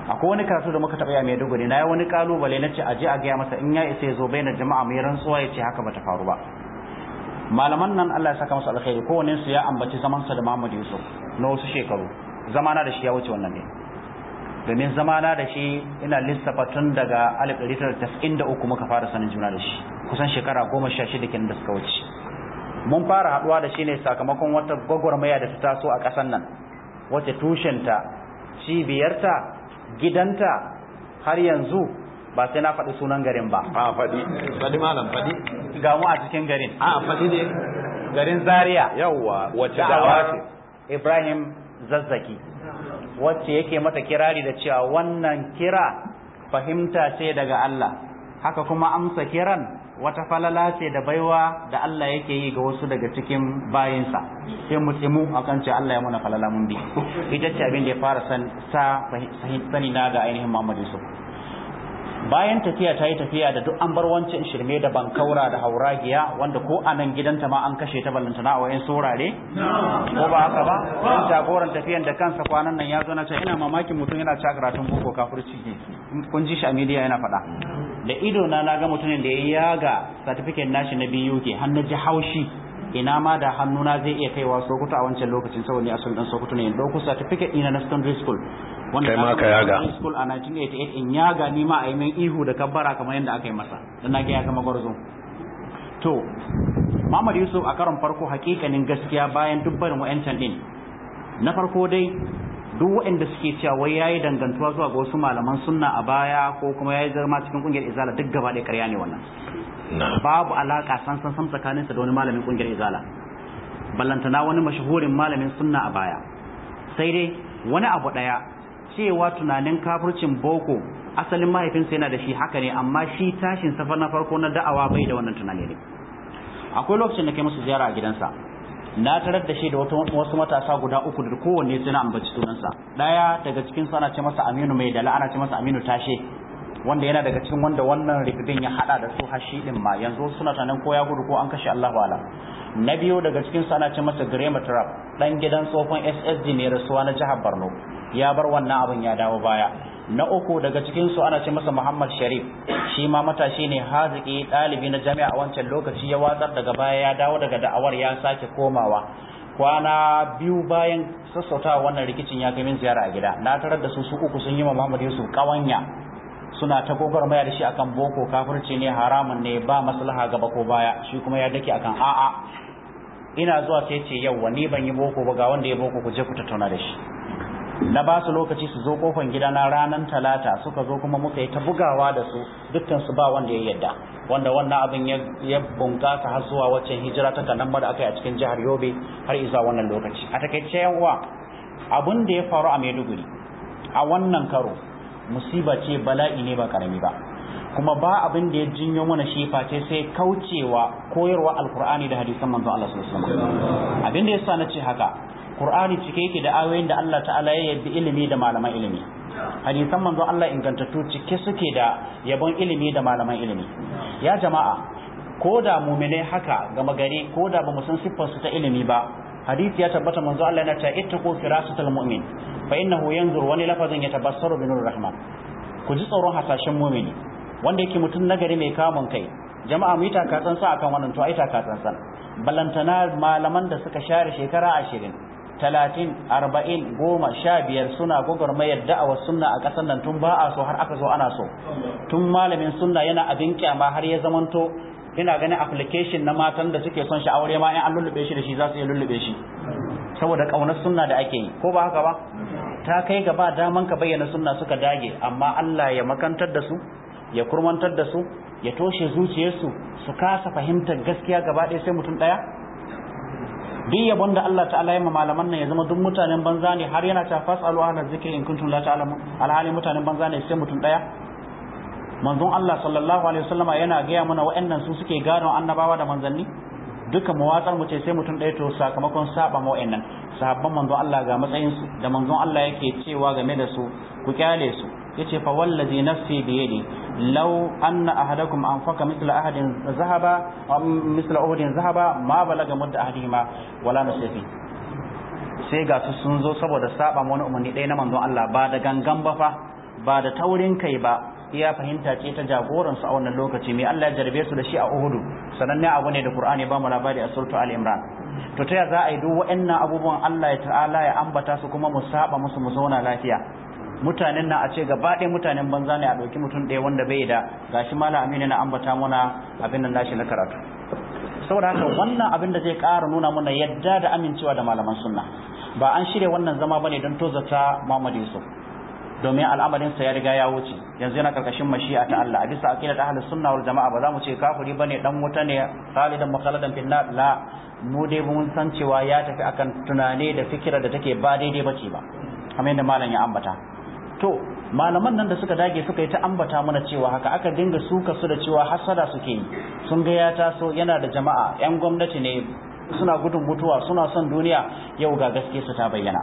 akwai wani karatu da muka taɓa ya mai na ya wani kalubale na ce a je a gaya masa in ya isa ya zo bai na jama'a mai rantsuwa ya ce haka bata faru ba malaman nan Allah ya saka masa alkhairi kowanne su ya ambaci zaman sa da Muhammad Yusuf na wasu shekaru zamana da shi ya wuce wannan ne domin zamana da shi ina lissafa tun daga 1993 muka fara sanin juna da shi kusan shekara 16 kenan da suka wuce mun fara haɗuwa da shi ne sakamakon wata gwagwarmaya da ta taso a kasan nan wace tushenta cibiyarta gidanta har yanzu ba sai na faɗi sunan garin ba a faɗi faɗi malam faɗi ga a cikin garin a faɗi ne garin zaria yawwa wacce dawa ce ibrahim zazzaki wacce yake mata kirari da cewa wannan kira fahimta ce daga Allah haka kuma amsa kiran wata falala ce da baiwa da Allah yake yi ga wasu daga cikin bayinsa sai mu tsimu akan ce Allah ya muna falala mun bi ita ce abin da ya fara san sa sani na ga ainihin Muhammad Yusuf bayan tafiya ta yi tafiya da duk an bar wancan shirme da bankaura da hauragiya wanda ko a nan gidanta ma an kashe ta ballantana a wayan saurare ko ba haka ba in jagoran tafiyan da kansa kwanan nan ya zo na ce ina mamakin mutum yana cakaratun boko kafurci kun ji shi a midiya yana faɗa da ido na na ga mutumin da ya yaga certificate nashi na biyu ke hannu ji haushi ina ma da hannuna zai iya kaiwa sokoto a wancan lokacin saboda ni asalin dan sokoto ne in dauko certificate ina na secondary school wanda kai ma ka yaga school a 1988 in yaga ni ma a yi min ihu da kabbara kamar yadda aka yi masa dan na ga ya gwarzo to Muhammad Yusuf a karon farko hakikanin gaskiya bayan dubbarin wa'ancan din na farko dai duk waɗanda suke cewa wai yi dangantuwa zuwa ga wasu malaman sunna a baya ko kuma ya yi zama cikin kungiyar izala duk gaba da karya ne wannan babu alaka san san san tsakaninsa da wani malamin kungiyar izala ballantana wani mashahurin malamin sunna a baya sai dai wani abu ɗaya cewa tunanin kafircin boko asalin mahaifinsa yana da shi haka ne amma shi tashin safar na farko na da'awa bai da wannan tunani ne akwai lokacin da kai musu ziyara a gidansa na tarar da shi da wasu matasa guda uku da kowanne suna ambaci sunansa daya daga cikin sana ce masa aminu mai dala ana ce masa aminu tashe wanda yana daga cikin wanda wannan rikidin ya hada da su hashi din ma yanzu suna tanan koya gudu ko an kashe Allahu ala na biyo daga cikin sana ce masa Grema Trap dan gidan tsofan SSD ne rasuwa na jihar Borno ya bar wannan abin ya dawo baya na uku daga cikin su ana ce masa Muhammad Sharif shi ma matashi ne haziki ɗalibi na jami'a a wancan lokaci ya watsar daga baya ya dawo daga da'awar ya sake komawa kwana biyu bayan sassautawa wannan rikicin ya kai min ziyara a gida na tarar da su su uku sun yi wa Muhammad Yusuf kawanya suna ta maya da shi akan boko kafirci ne haramun ne ba maslaha gaba ko baya shi kuma ya dake akan a'a ina zuwa sai ce yau wani ban yi boko ba ga wanda ya boko ku je ku tattauna da shi na ba su lokaci su zo kofan gidana ranar talata suka zo kuma muka yi ta bugawa da su dukkan su ba wanda ya yadda wanda wannan abin ya bunkasa har zuwa waccan hijira ta nan da aka yi a cikin jihar yobe har izuwa wannan lokaci a takaice yan uwa abin da ya faru a maiduguri a wannan karo musiba ce bala'i ne ba karami ba kuma ba abin da ya jinyo mana shi face sai kaucewa koyarwa alkur'ani da hadisan manzon Allah sallallahu alaihi wasallam abin da yasa ce haka Qur'ani cike yake da ayoyin da Allah ta'ala ya yarda ilimi da malaman ilimi hadisan manzo Allah ingantattu cike suke da yabon ilimi da malaman ilimi ya jama'a ko da muminai haka gama gari ko da ba mu san siffar su ta ilimi ba hadisi ya tabbata manzo Allah yana ta su firasatal mu'min fa innahu yanzur wani lafazin ya tabassaru binur rahman ku ji tsoron hasashen mumini wanda yake mutum nagari mai kamun kai jama'a mu yi taka sa akan wannan to ai taka tsantsan balantana malaman da suka share shekara ashirin talatin arba'in goma sha biyar suna gogar gwagwarmayar da'awar sunna a ƙasar nan tun ba a so har aka zo ana so tun malamin sunna yana abin kyama har ya zamanto yana ganin application na matan da suke son sha'awar ya ma in an lullube shi da shi za su iya lullube shi saboda ƙaunar sunna da ake yi ko ba haka ba ta kai gaba daman ka bayyana sunna suka dage amma Allah ya makantar da su ya kurmantar da su ya toshe zuciyarsu su kasa fahimtar gaskiya gaba ɗaya sai mutum ɗaya duk yabon Allah ta'ala ya malaman nan ya zama duk mutanen banza ne har yana ta fasalu ahla zikri in kuntum la ta'lamun alhali mutanen banza ne sai mutum daya manzon Allah sallallahu alaihi wasallama yana gaya mana wa'annan su suke gano annabawa da manzanni duka mawatsar mu ce sai mutum ɗaya to sakamakon saba ma wa'annan sahabban manzon Allah ga matsayin su da manzon Allah yake cewa game da su ku kyale su yace fa wallazi nafsi bi yadi law anna ahadakum anfaqa mithla ahadin zahaba am mithla ahadin zahaba ma balaga mudda ahadihima wala nasifi sai ga su sun zo saboda saba wani umarni ɗaya na manzon Allah ba da gangan ba fa ba da taurin kai ba iya fahimta ce ta jagoran su a wannan lokaci mai Allah ya jarbe su da shi a Uhud sananne abu ne da Qur'ani ba mu labari a suratul Al-Imran to ta ya za a yi duk waɗannan abubuwan Allah ya ta'ala ya ambata su kuma mu saba musu mu zauna lafiya mutanen na a ce gaba ɗaya mutanen banza ne a ɗauki mutum ɗaya wanda bai da gashi mala aminu na ambata muna abin nan nashi na karatu saboda haka wannan abin da zai ƙara nuna mana yadda da amincewa da malaman sunna ba an shirya wannan zama bane don tozata mamadi Yusuf domin sa ya riga ya wuce yanzu yana karkashin mashi'a ta Allah a bisa aqidat ahlus sunna wal jama'a ba za mu ce kafiri bane dan wuta ne khalidan mukhaladan fil nar la mu dai mun san cewa ya tafi akan tunane da fikira da take ba daidai bace ba kamar yadda malam ya ambata to malaman nan da suka dage suka yi ta ambata mana cewa haka aka dinga suka su da cewa hasada suke yi sun ga ya taso yana da jama'a yan gwamnati ne suna gudun mutuwa suna son duniya yau ga gaske su ta bayyana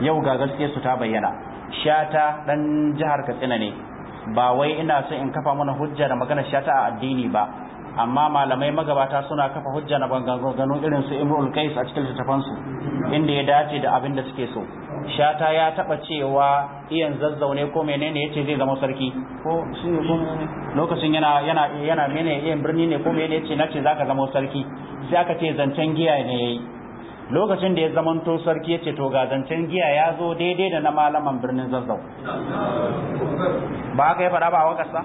yau ga gaske su ta bayyana shata dan jihar katsina ne ba wai ina so in kafa mana hujja da magana shata a addini ba amma malamai magabata suna kafa hujja na bangagano irin su imrul kais a cikin littafansu inda ya dace da abin da suke so shata ya taba cewa iyan zazzaune ko menene yace zai zama sarki ko shi lokacin yana yana yana mene iyan birni ne ko menene yace nace zaka zama sarki sai aka ce zancen giya ne yayi lokacin da ya zama to sarki yace to ga zancen giya ya zo daidai da na malaman birnin zazzau ba ka ya fara ba a wakarsa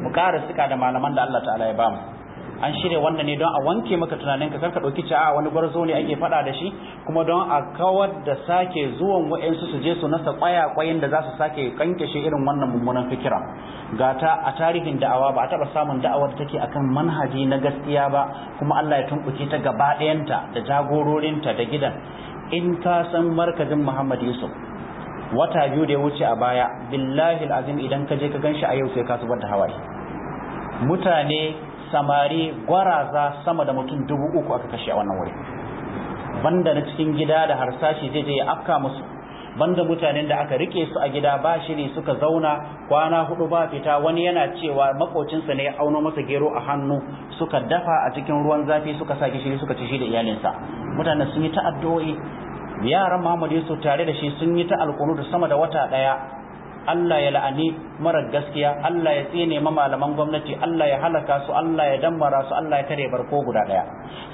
mu ƙara suka da malaman da Allah ta'ala ya mu an shirya wannan ne don a wanke maka tunanin ka karka dauki cewa wani gwarzo ne ake fada da shi kuma don a kawar da sake zuwan wayansu su je su nasa kwaya kwayin da za su sake kanke shi irin wannan mummunan fikira gata a tarihin da'awa ba a taba samun da'awa da take akan manhaji na gaskiya ba kuma Allah ya tunkuke ta gaba ɗayanta da jagororinta da gidan in ka san markazin Muhammad Yusuf wata biyu da ya wuce a baya billahi alazim idan ka je ka ganshi a yau sai ka zubar da hawaye mutane samari gwaraza sama da mutum dubu uku aka kashe a wannan wuri banda na cikin gida da harsashi zai je ya afka musu banda mutanen da aka rike su a gida ba shi ne suka zauna kwana hudu ba fita wani yana cewa makocinsa ne ya auna masa gero a hannu suka dafa a cikin ruwan zafi suka sa gishiri suka ci shi da iyalinsa Mutanen sun yi ta addu'o'i yaran Muhammadu Yusuf tare da shi sun yi ta alkunu da sama da wata ɗaya. Allah ya la'ani mara gaskiya Allah ya tsine ma malaman gwamnati Allah ya halaka su Allah ya dammara su Allah ya tare barko guda daya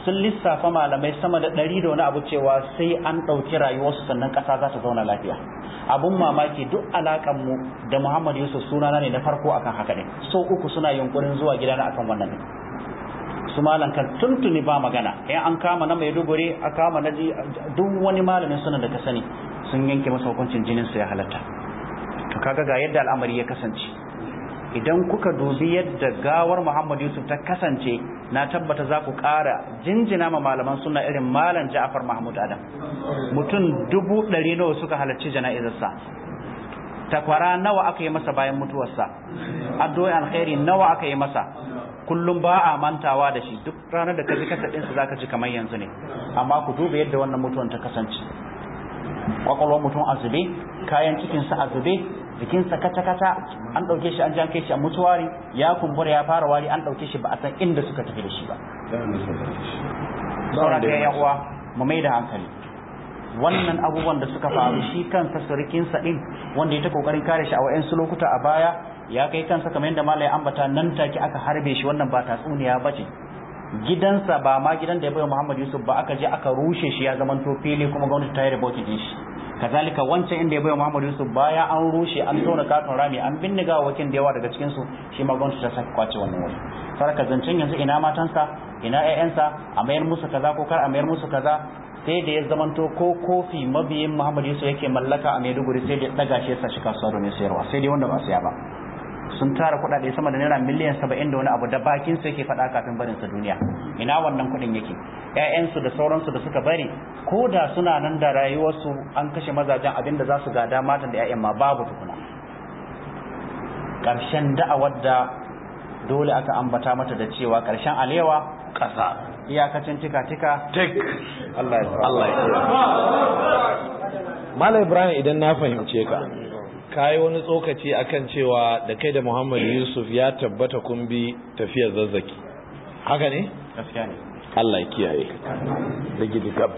sun lissafa malamai sama da ɗari da wani abu cewa sai an ɗauki rayuwarsu sannan ƙasa za ta zauna lafiya abun mamaki duk alakan mu da Muhammad Yusuf suna na ne na farko akan haka ne so uku suna yunkurin zuwa na akan wannan ne su malam kan tuntuni ba magana in eh, an kama na maiduguri a kama na duk wani malamin suna da ka sani sun yanke masa hukuncin jinin su ya halatta to kaga ga yadda al'amari ya kasance idan kuka dubi yadda gawar Muhammad Yusuf ta kasance na tabbata za ku ƙara jinjina ma malaman suna irin malam Ja'far Mahmud Adam mutum dubu ɗari nawa suka halarci jana'izarsa takwara nawa aka yi masa bayan mutuwarsa addu'a alkhairi nawa aka yi masa kullum ba a mantawa da shi duk ranar da ka ji kasa ɗinsa zaka ka ji kamar yanzu ne amma ku duba yadda wannan mutuwan ta kasance kwakwalwar mutum azube kayan cikinsa a zube jikinsa kata-kata an ɗauke shi an jan kai shi a mutuwari ya kumbura ya fara wari an ɗauke shi ba a san inda suka tafi da shi ba saura da yawa mu mai da hankali wannan abubuwan da suka faru shi kan surikinsa ɗin wanda ya ta kokarin kare shi a wa'yansu lokuta a baya ya kai kansa kamar yadda malai ambata nan take aka harbe shi wannan ba tatsuniya ba ce gidansa ba ma gidan da ya bai Muhammad Yusuf ba aka je aka rushe shi ya zamanto fili kuma gwamnati ta yi da din shi kazalika wancan inda ya bai Muhammadu Yusuf baya an rushe an tona katon rami an bindiga wakin da yawa daga cikin su shi ma gwamnati ta saki kwace wannan wuri saraka zancen yanzu ina matansa ina ƴaƴansa a mayar musu kaza ko kar a mayar musu kaza sai da ya zamanto ko kofi mabiyin Muhammadu Yusuf yake mallaka a Maiduguri sai da ya daga shi ya sa shi kasuwa domin sayarwa sai dai wanda ba siya ba sun tara kuɗaɗe sama da naira miliyan saba'in da wani abu da bakin su yake fada kafin barin sa duniya ina wannan kuɗin yake ƴaƴansu da sauransu da suka bari ko da suna nan da rayuwarsu an kashe mazajen abin da za su gada matan da ƴaƴan ma babu tukuna Karshen da'awar da dole aka ambata mata da cewa karshen alewa ƙasa iyakacin tika-tika tek Allah ya Allah ya Mala Ibrahim idan na fahimce ka kayi wani tsokaci akan cewa da kai da Muhammad Yusuf ya tabbata kun bi tafiyar zazzaki haka ne gaskiya ne Allah ya kiyaye da gab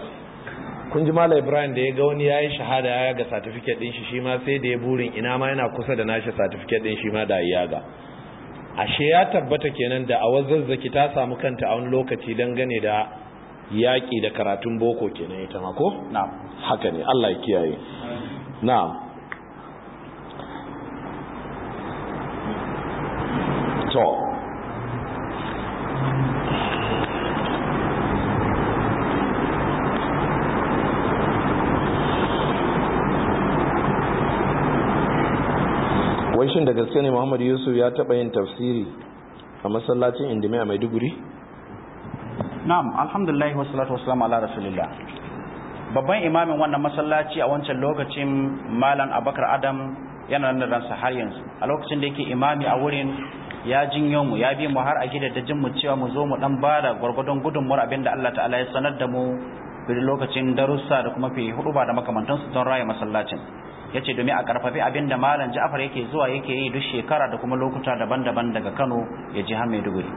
kun ji Malam Ibrahim da ya ga wani yayi shahada ya ga certificate din shi shi ma sai da ya burin ina ma yana kusa da nashi certificate din shi ma da ya ga ashe ya tabbata kenan da awar zazzaki ta samu kanta a wani lokaci gane da yaƙi da karatun boko kenan ita ma ko na'am haka ne Allah ya kiyaye na'am so wai shin da gaske ne Muhammadu Yusuf ya taba yin tafsiri a masallacin Indimi a Maiduguri na'am alhamdulillah wasu wassalamu ala rasulillah babban imamin wannan masallaci a wancan lokacin malam abakar adam yana nan ransa har yanzu a lokacin da yake imami a wurin ya jinyo mu ya bi mu har a gida jin mu cewa mu zo mu dan bada gwargwadon gudunmuwar abinda Allah ta'ala ya sanar da mu duk lokacin darussa da kuma fi hudu ba da su don raya masallacin yace domin a karfafi abin da malam Ja'far yake zuwa yake yi duk shekara da kuma lokuta daban-daban daga Kano ya ji har Maiduguri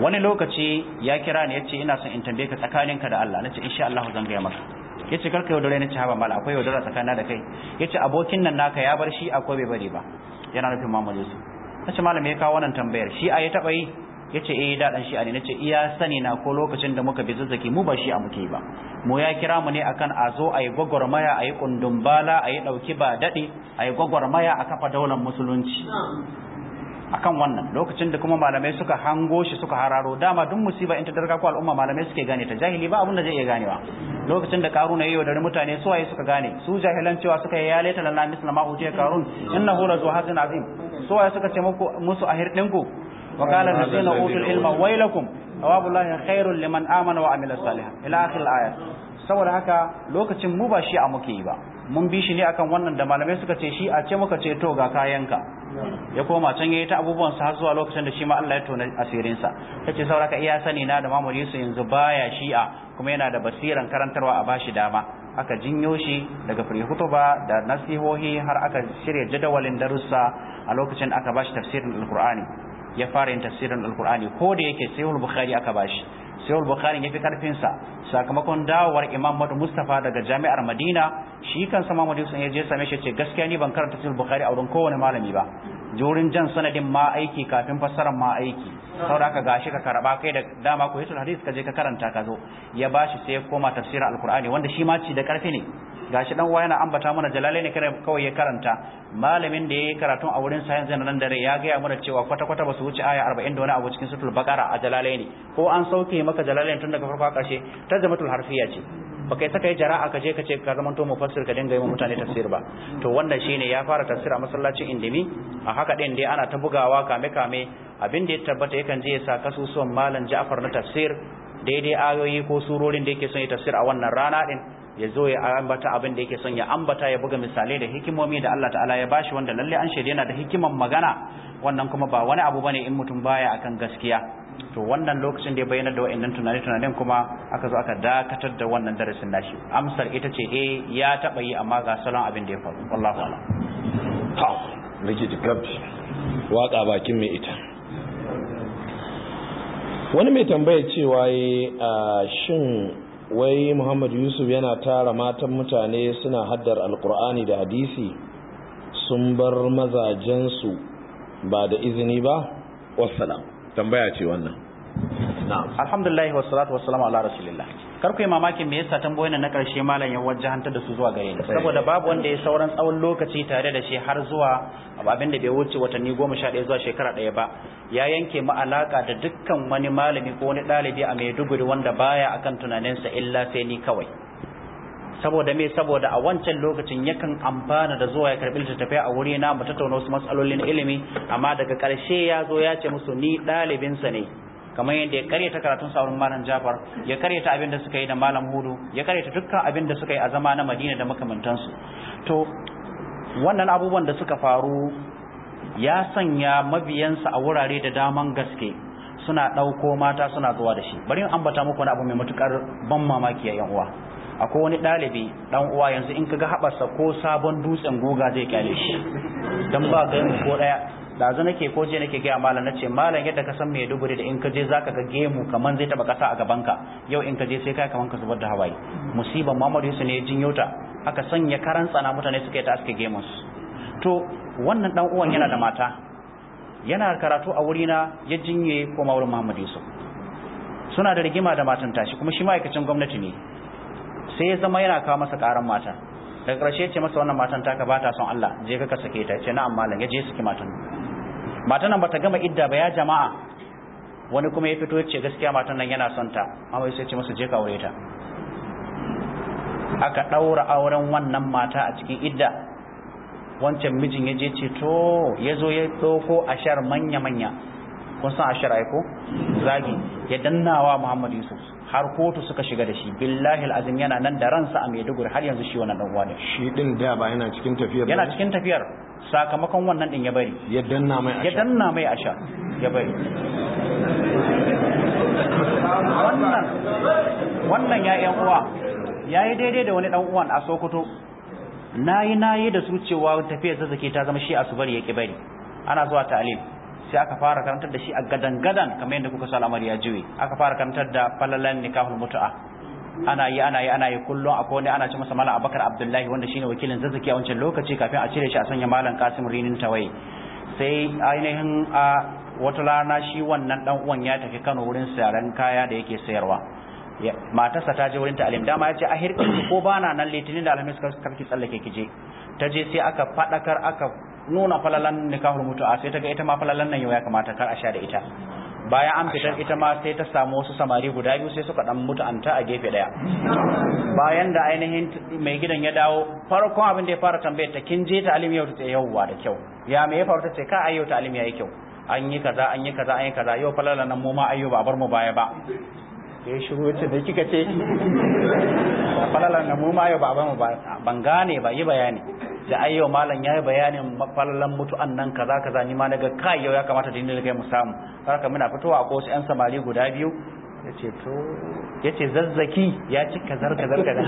wani lokaci ya kira ni yace ina son in tambaye ka tsakaninka da Allah nace insha Allah zan ga maka yace karka yaudare nace haba mala akwai yaudara tsakanina da kai yace abokin nan naka ya bar shi akwai bai bari ba yana nufin Muhammad Yusuf nace malam ya kawo wannan tambayar shi a ya taba yi yace eh da dan shi a ne nace iya sani na ko lokacin da muka bi zazzaki mu ba shi a muke ba mu ya kira mu ne akan a zo a yi gwagwarmaya a yi kundumbala a yi dauki ba dade a yi gwagwarmaya a kafa daular musulunci akan wannan lokacin da kuma malamai suka hango shi suka hararo dama duk musiba in ta darka ko al'umma malamai suke gane ta jahili ba abin da zai iya ganewa lokacin da karuna wa dare mutane su waye suka gane su jahilan cewa suka yi yaleta lalla misla ma utiya karun innahu la zuhadun azim su waye suka ce muku musu ahir dinku wa qala allazina utul ilma waylakum thawabullahi khairul liman amana wa amila salihan ila akhir al saboda haka lokacin mu ba shi a muke yi ba mun bi shi ne akan wannan da malamai suka ce shi a ce muka ce to ga kayanka ya koma can yayi ta abubuwan sa har zuwa lokacin da shi ma Allah ya tona asirin sa tace saboda haka iya sani na da mamuri su yanzu baya shi'a kuma yana da basiran karantarwa a bashi dama aka jinyo shi daga fure da nasihohi har aka shirya jadawalin darussa a lokacin aka bashi tafsirin alqur'ani ya fara yin tafsirin alkur'ani ko da yake sai bukhari aka bashi sai bukhari ya fi karfin sa sakamakon dawowar imam madu mustafa daga jami'ar madina shi kan sama madu sun je same shi ce gaskiya ni ban karanta sai bukhari a wurin kowane malami ba jorin jan sanadin ma aiki kafin fassarar ma aiki saboda ka gashi ka karba kai da dama ko hisul hadis ka je ka karanta ka zo ya bashi sai ya koma tafsirin alkur'ani wanda shi ma ci da karfi ne gashi dan uwa yana ambata mana jalalai ne kawai ya karanta malamin da yayi karatu a wurin sayan zan nan dare ya ga ya mana cewa kwata kwata basu wuce aya 40 da wani abu cikin suratul baqara a jalalai ne ko an sauke maka jalalai tun daga farko karshe tarjamatul harfiya ce ba kai saka yi jara'a ka je ka ce ka zama to mufassir ka dinga yi wa mutane tafsir ba to wannan shine ya fara tafsir a masallacin indimi a haka din dai ana ta bugawa kame kame abin da ya tabbata yakan je ya sa kasusuwan malam Ja'far na tafsir daidai ayoyi ko surorin da yake son ya tafsir a wannan rana din ya zo ya ambata abin da yake son ya ambata ya buga misalai da hikimomi da Allah ta'ala ya bashi wanda lalle an shaide yana da hikiman magana wannan kuma ba wani abu bane in mutum baya akan gaskiya to wannan lokacin da ya bayyana da wa'annan tunani tunanin kuma aka zo aka dakatar da wannan darasin nashi amsar ita ce eh ya taba yi amma ga salon abin da ya faru wallahi wala to rigid kabi. waka bakin mai ita wani mai tambaya cewa eh, shin wai muhammad yusuf yana tara matan mutane suna haddar alkur'ani da hadisi sun bar mazajensu ba da izini ba wassalam tambaya ce wannan alhamdulillah wa salatu wa salamu ala rasulillah kar ku yi mamakin me yasa tambayoyin na karshe malam ya hanta da su zuwa gare ni saboda babu wanda ya sauran tsawon lokaci tare da shi har zuwa abin da bai wuce watanni goma sha ɗaya zuwa shekara ɗaya ba ya yanke mu alaka da dukkan wani malami ko wani ɗalibi a Maiduguri wanda baya akan tunaninsa illa sai ni kawai saboda me saboda a wancan lokacin yakan amfana da zuwa ya karbi littattafai a wuri na mu tattauna wasu matsalolin ilimi amma daga ƙarshe ya zo ya ce musu ni ɗalibinsa ne kamar yadda ya karyata karatun saurin malam Jafar ya karyata abin da suka yi da malam Hudu ya karyata dukkan abin da suka yi a zama na Madina da makamantansu to wannan abubuwan da suka faru ya sanya mabiyansa a wurare da daman gaske suna ɗauko mata suna zuwa da shi bari in ambata muku wani abu mai matukar ban mamaki a yayin uwa akwai wani ɗalibi ɗan uwa yanzu in kaga haɓarsa ko sabon dutsen goga zai kyale shi don ba ga ko ɗaya dazu nake ko je nake gaya malam nace malam yadda ka san ya dubure da in ka je zaka ga gemu kaman zai taba kasa a gaban ka yau in ka je sai kai kaman ka zubar da hawaye musiban Muhammad Yusuf ne jinyota aka sanya karan tsana mutane suka yi ta aske gemus to wannan dan uwan yana da mata yana karatu a wuri na ya jinye ko wurin Muhammad Yusuf suna da rigima da matan tashi kuma shi ma'aikacin gwamnati ne sai ya zama yana kawo masa karan mata daga ƙarshe ce masa wannan matan taka ba ta son Allah je ka sake ta ce na'am malam ya je saki matan matan nan bata gama idda ba ya jama'a wani kuma ya fito yace gaskiya matan nan yana son ta amma sai ce masa je ka aure ta aka daura auren wannan mata a cikin idda wancan mijin ya je ce to ya zo ya doko ashar manya-manya kun san ashar aiko zagi ya dannawa muhammad yusuf har kotu suka shiga da shi billahi azim yana nan da ransa a maiduguri har yanzu shi wannan dan uwa shi din da ba yana cikin tafiyar yana cikin tafiyar sakamakon wannan din ya bari ya danna mai asha ya ya bari wannan ya yan uwa ya yi daidai da wani dan uwan a Sokoto Na na nayi da su cewa tafiyar zake ta zama shi a su bari ya ki bari ana zuwa ta'alim sai aka fara karantar da shi a gadan gadan kamar yadda kuka sa al'amari ya jiwe aka fara karantar da falalan nikahul mutu'a ana yi ana yi ana yi kullum akwai wani ana ci masa malam abakar abdullahi wanda shine wakilin zazzaki a wancan lokaci kafin a cire shi a sanya malam kasim rinin tawaye sai ainihin a wata rana shi wannan dan uwan ya tafi kano wurin sayaran kaya da yake sayarwa matarsa ta je wurin ta'alim dama ya ce a hirkin ko ba na nan litinin da alhamis karki tsallake ki je ta je sai aka fadakar aka nuna falalan nikahul mutu'a sai ta ga ita ma falalan nan yau ya kamata kar a sha da ita bayan an fitar ita ma sai ta samu wasu samari guda biyu sai suka dan mutu'anta a gefe daya bayan da ainihin mai gidan ya dawo farkon abin da ya fara tambayar ta kin je ta yau ta yauwa da kyau ya me ya faru ta ce ka ayyau ta ya yayi kyau an yi kaza an yi kaza an yi kaza yau falala nan mu ma ayyo ba bar mu baya ba da ya yace da kika ce <laughs> falalan na mu ma yau ba mu gane ba yi bayani da ai yau malam yi bayanin falalan mutu'an nan kaza kaza ni ma daga kai yau ya kamata da ni kai mu samu haka muna fitowa a kosu yan samari guda biyu yace to yace zazzaki ya ci kazar kazar kazar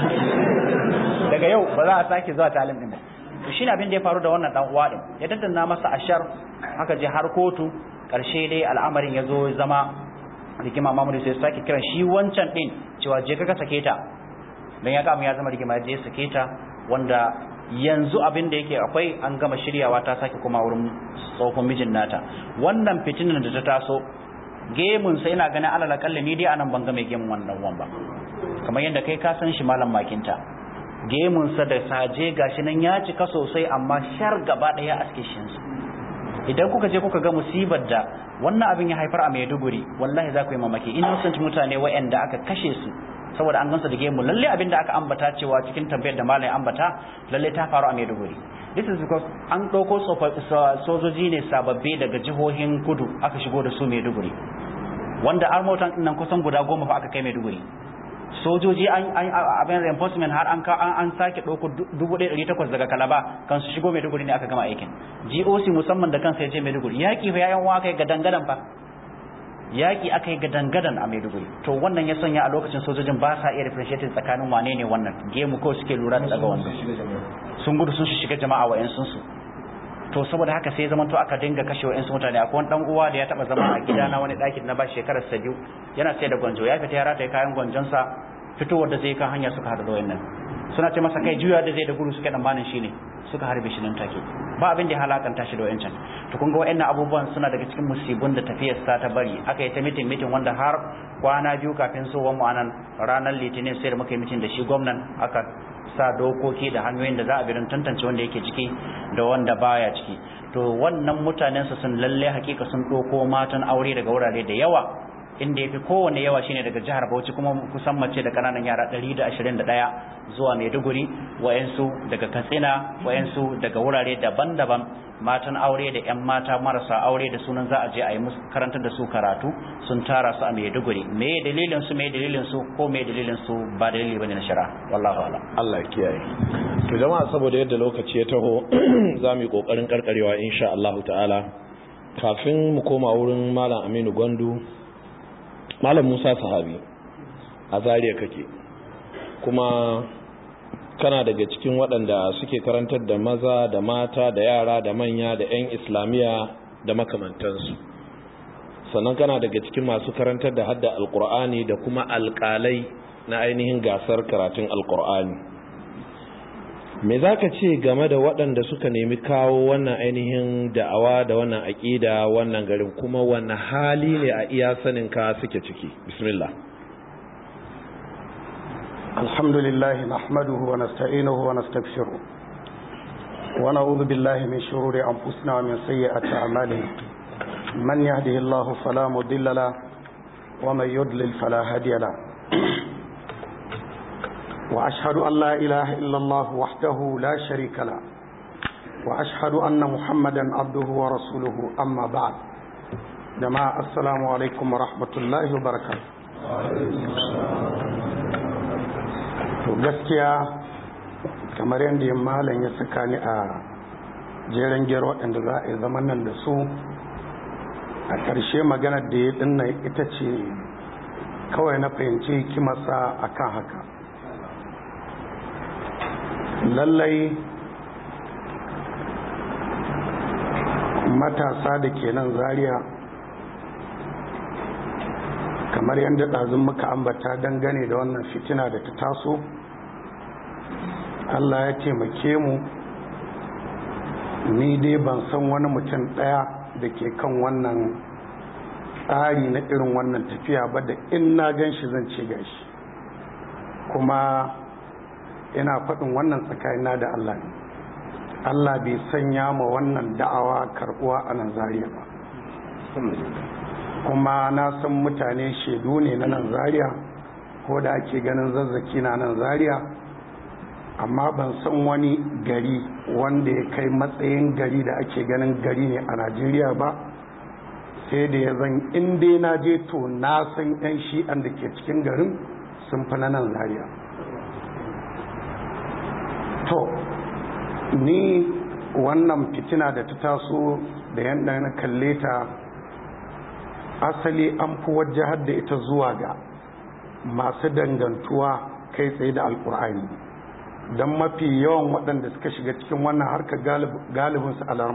daga yau ba za a sake zuwa talim din ba to shine abin da ya faru da wannan dan uwa din ya tattauna masa ashar haka je har kotu karshe dai al'amarin ya zo zama rigima da sai sake kiran shi wancan din cewa je kaka sake ta don ya kamu ya zama rigima je sake ta wanda yanzu abin da yake akwai an gama shiryawa ta sake kuma wurin tsohon mijin nata wannan fitinan da ta taso gemun sai ina ganin alal akalla ni dai anan ban ga mai gemun wannan wan ba kamar yadda kai ka san shi malam makinta gemun sa da saje gashi nan ya cika sosai amma shar gaba daya a cikin idan kuka je kuka ga musibar da wannan abin ya haifar a maiduguri wallahi za ku yi mamaki innocent mutane waɗanda aka kashe su saboda an gansu da gemu lalle abin da aka ambata cewa cikin tambayar da malam ambata lalle ta faru a maiduguri this is because an ɗauko sojoji ne sababbi daga jihohin kudu aka shigo da su maiduguri wanda armotan nan kusan guda goma fa aka kai maiduguri sojoji an abin reinforcement har an an sake ɗauko 1,800 daga kalaba kan su shigo maiduguri ne aka gama aikin goc musamman da kansa ya je maiduguri yaƙi fa yayan waka ga dangadan fa yaƙi aka yi ga dangadan a maiduguri to wannan ya sanya a lokacin sojojin ba sa iya differentiating tsakanin wane ne wannan gemu ko suke lura da daga wannan sun gudu sun shiga jama'a wa'yan su to saboda haka sai zaman to aka dinga kashe wa'ansu mutane akwai wani uwa da ya taba zama a gida na wani ɗakin na ba shekarar sa biyu yana sai da gwanjo ya fita ya rataye kayan gwanjonsa fitowar da zai kan hanya suka haɗu da wayannan suna ce masa kai juya da zai da gudu suke ɗan banin ne. suka harbe shi nan take ba abin da ya halakanta shi da wayancan to kun ga wayannan abubuwan suna daga cikin musibun da tafiyar sa ta bari aka yi ta mitin mitin wanda har kwana biyu kafin so mu anan ranar litinin sai da muka yi mitin da shi gwamnan aka sa dokoki da hanyoyin da za a birin tantance wanda yake ciki da wanda baya ciki to wannan mutanen su sun lalle hakika sun doko matan aure daga wurare da yawa inda yafi kowane yawa shine daga jihar Bauchi kuma kusan mace da kananan yara 121 zuwa Maiduguri wayansu daga Katsina wayansu daga wurare daban-daban matan aure da 'yan mata marasa aure da sunan za a je a yi musu karantar da su karatu sun tara su a Maiduguri me dalilin su me dalilin su ko me dalilin su ba dalili bane na shara. wallahi ala Allah ya kiyaye to jama'a saboda yadda lokaci ya taho <clears throat> zamu yi kokarin karkarewa insha Allah ta'ala kafin mu koma wurin malam Aminu Gwandu malam musa sahabi a zariya kake kuma kana daga cikin waɗanda suke karantar da maza da mata da yara da manya da 'yan islamiyya da makamantansu sannan kana daga cikin masu karantar da hadda alkur'ani da kuma alƙalai na ainihin gasar karatun alkur'ani me za ka ce game da waɗanda suka nemi kawo wannan ainihin da'awa da wannan aƙida wannan garin kuma wani hali ne a iya saninka suke ciki bismillah alhamdulillahi nahmaduhu wa nasta'inuhu wa nastaghfiruh wa na'udhu billahi min shururi anfusina wa min sayyiati a'malina man yahdihillahu fala mudilla lahu wa man yudlil fala hadiya lahu وأشهد أن لا إله إلا الله وحده لا شريك له وأشهد أن محمدا عبده ورسوله أما بعد جماعة السلام عليكم ورحمة الله وبركاته to gaskiya kamar yadda malam ya saka ni a jeren gero waɗanda za a yi zaman nan da su a ƙarshe maganar da ya dinna ita ce kawai na fahimci a kan haka lallai matasa da ke nan zariya kamar yadda ɗazin muka ambata dangane da wannan fitina da ta taso allah ya taimake mu ni dai ban san wani mutum ɗaya da ke kan wannan tsari na irin wannan tafiya ba da in na gan shi zan ce gashi kuma ina faɗin wannan tsakanina da Allah ne Allah bai sanya ma wannan da'awa karɓuwa a nan zariya ba kuma na san mutane shaidu ne na nan zariya ko da ake ganin zazzaki na nan zariya amma ban san wani gari wanda ya kai matsayin gari da ake ganin gari ne a najeriya ba sai da ya zan inda na je to na san 'yan shi'an da ke cikin garin sun fi na nan zariya to ni wannan fitina da ta taso da yadda na kalle ta asali an fi wajahar da ita zuwa ga masu dangantuwa kai tsaye da alkur'ani don mafi yawan waɗanda suka shiga cikin wannan harkar galibinsu alarma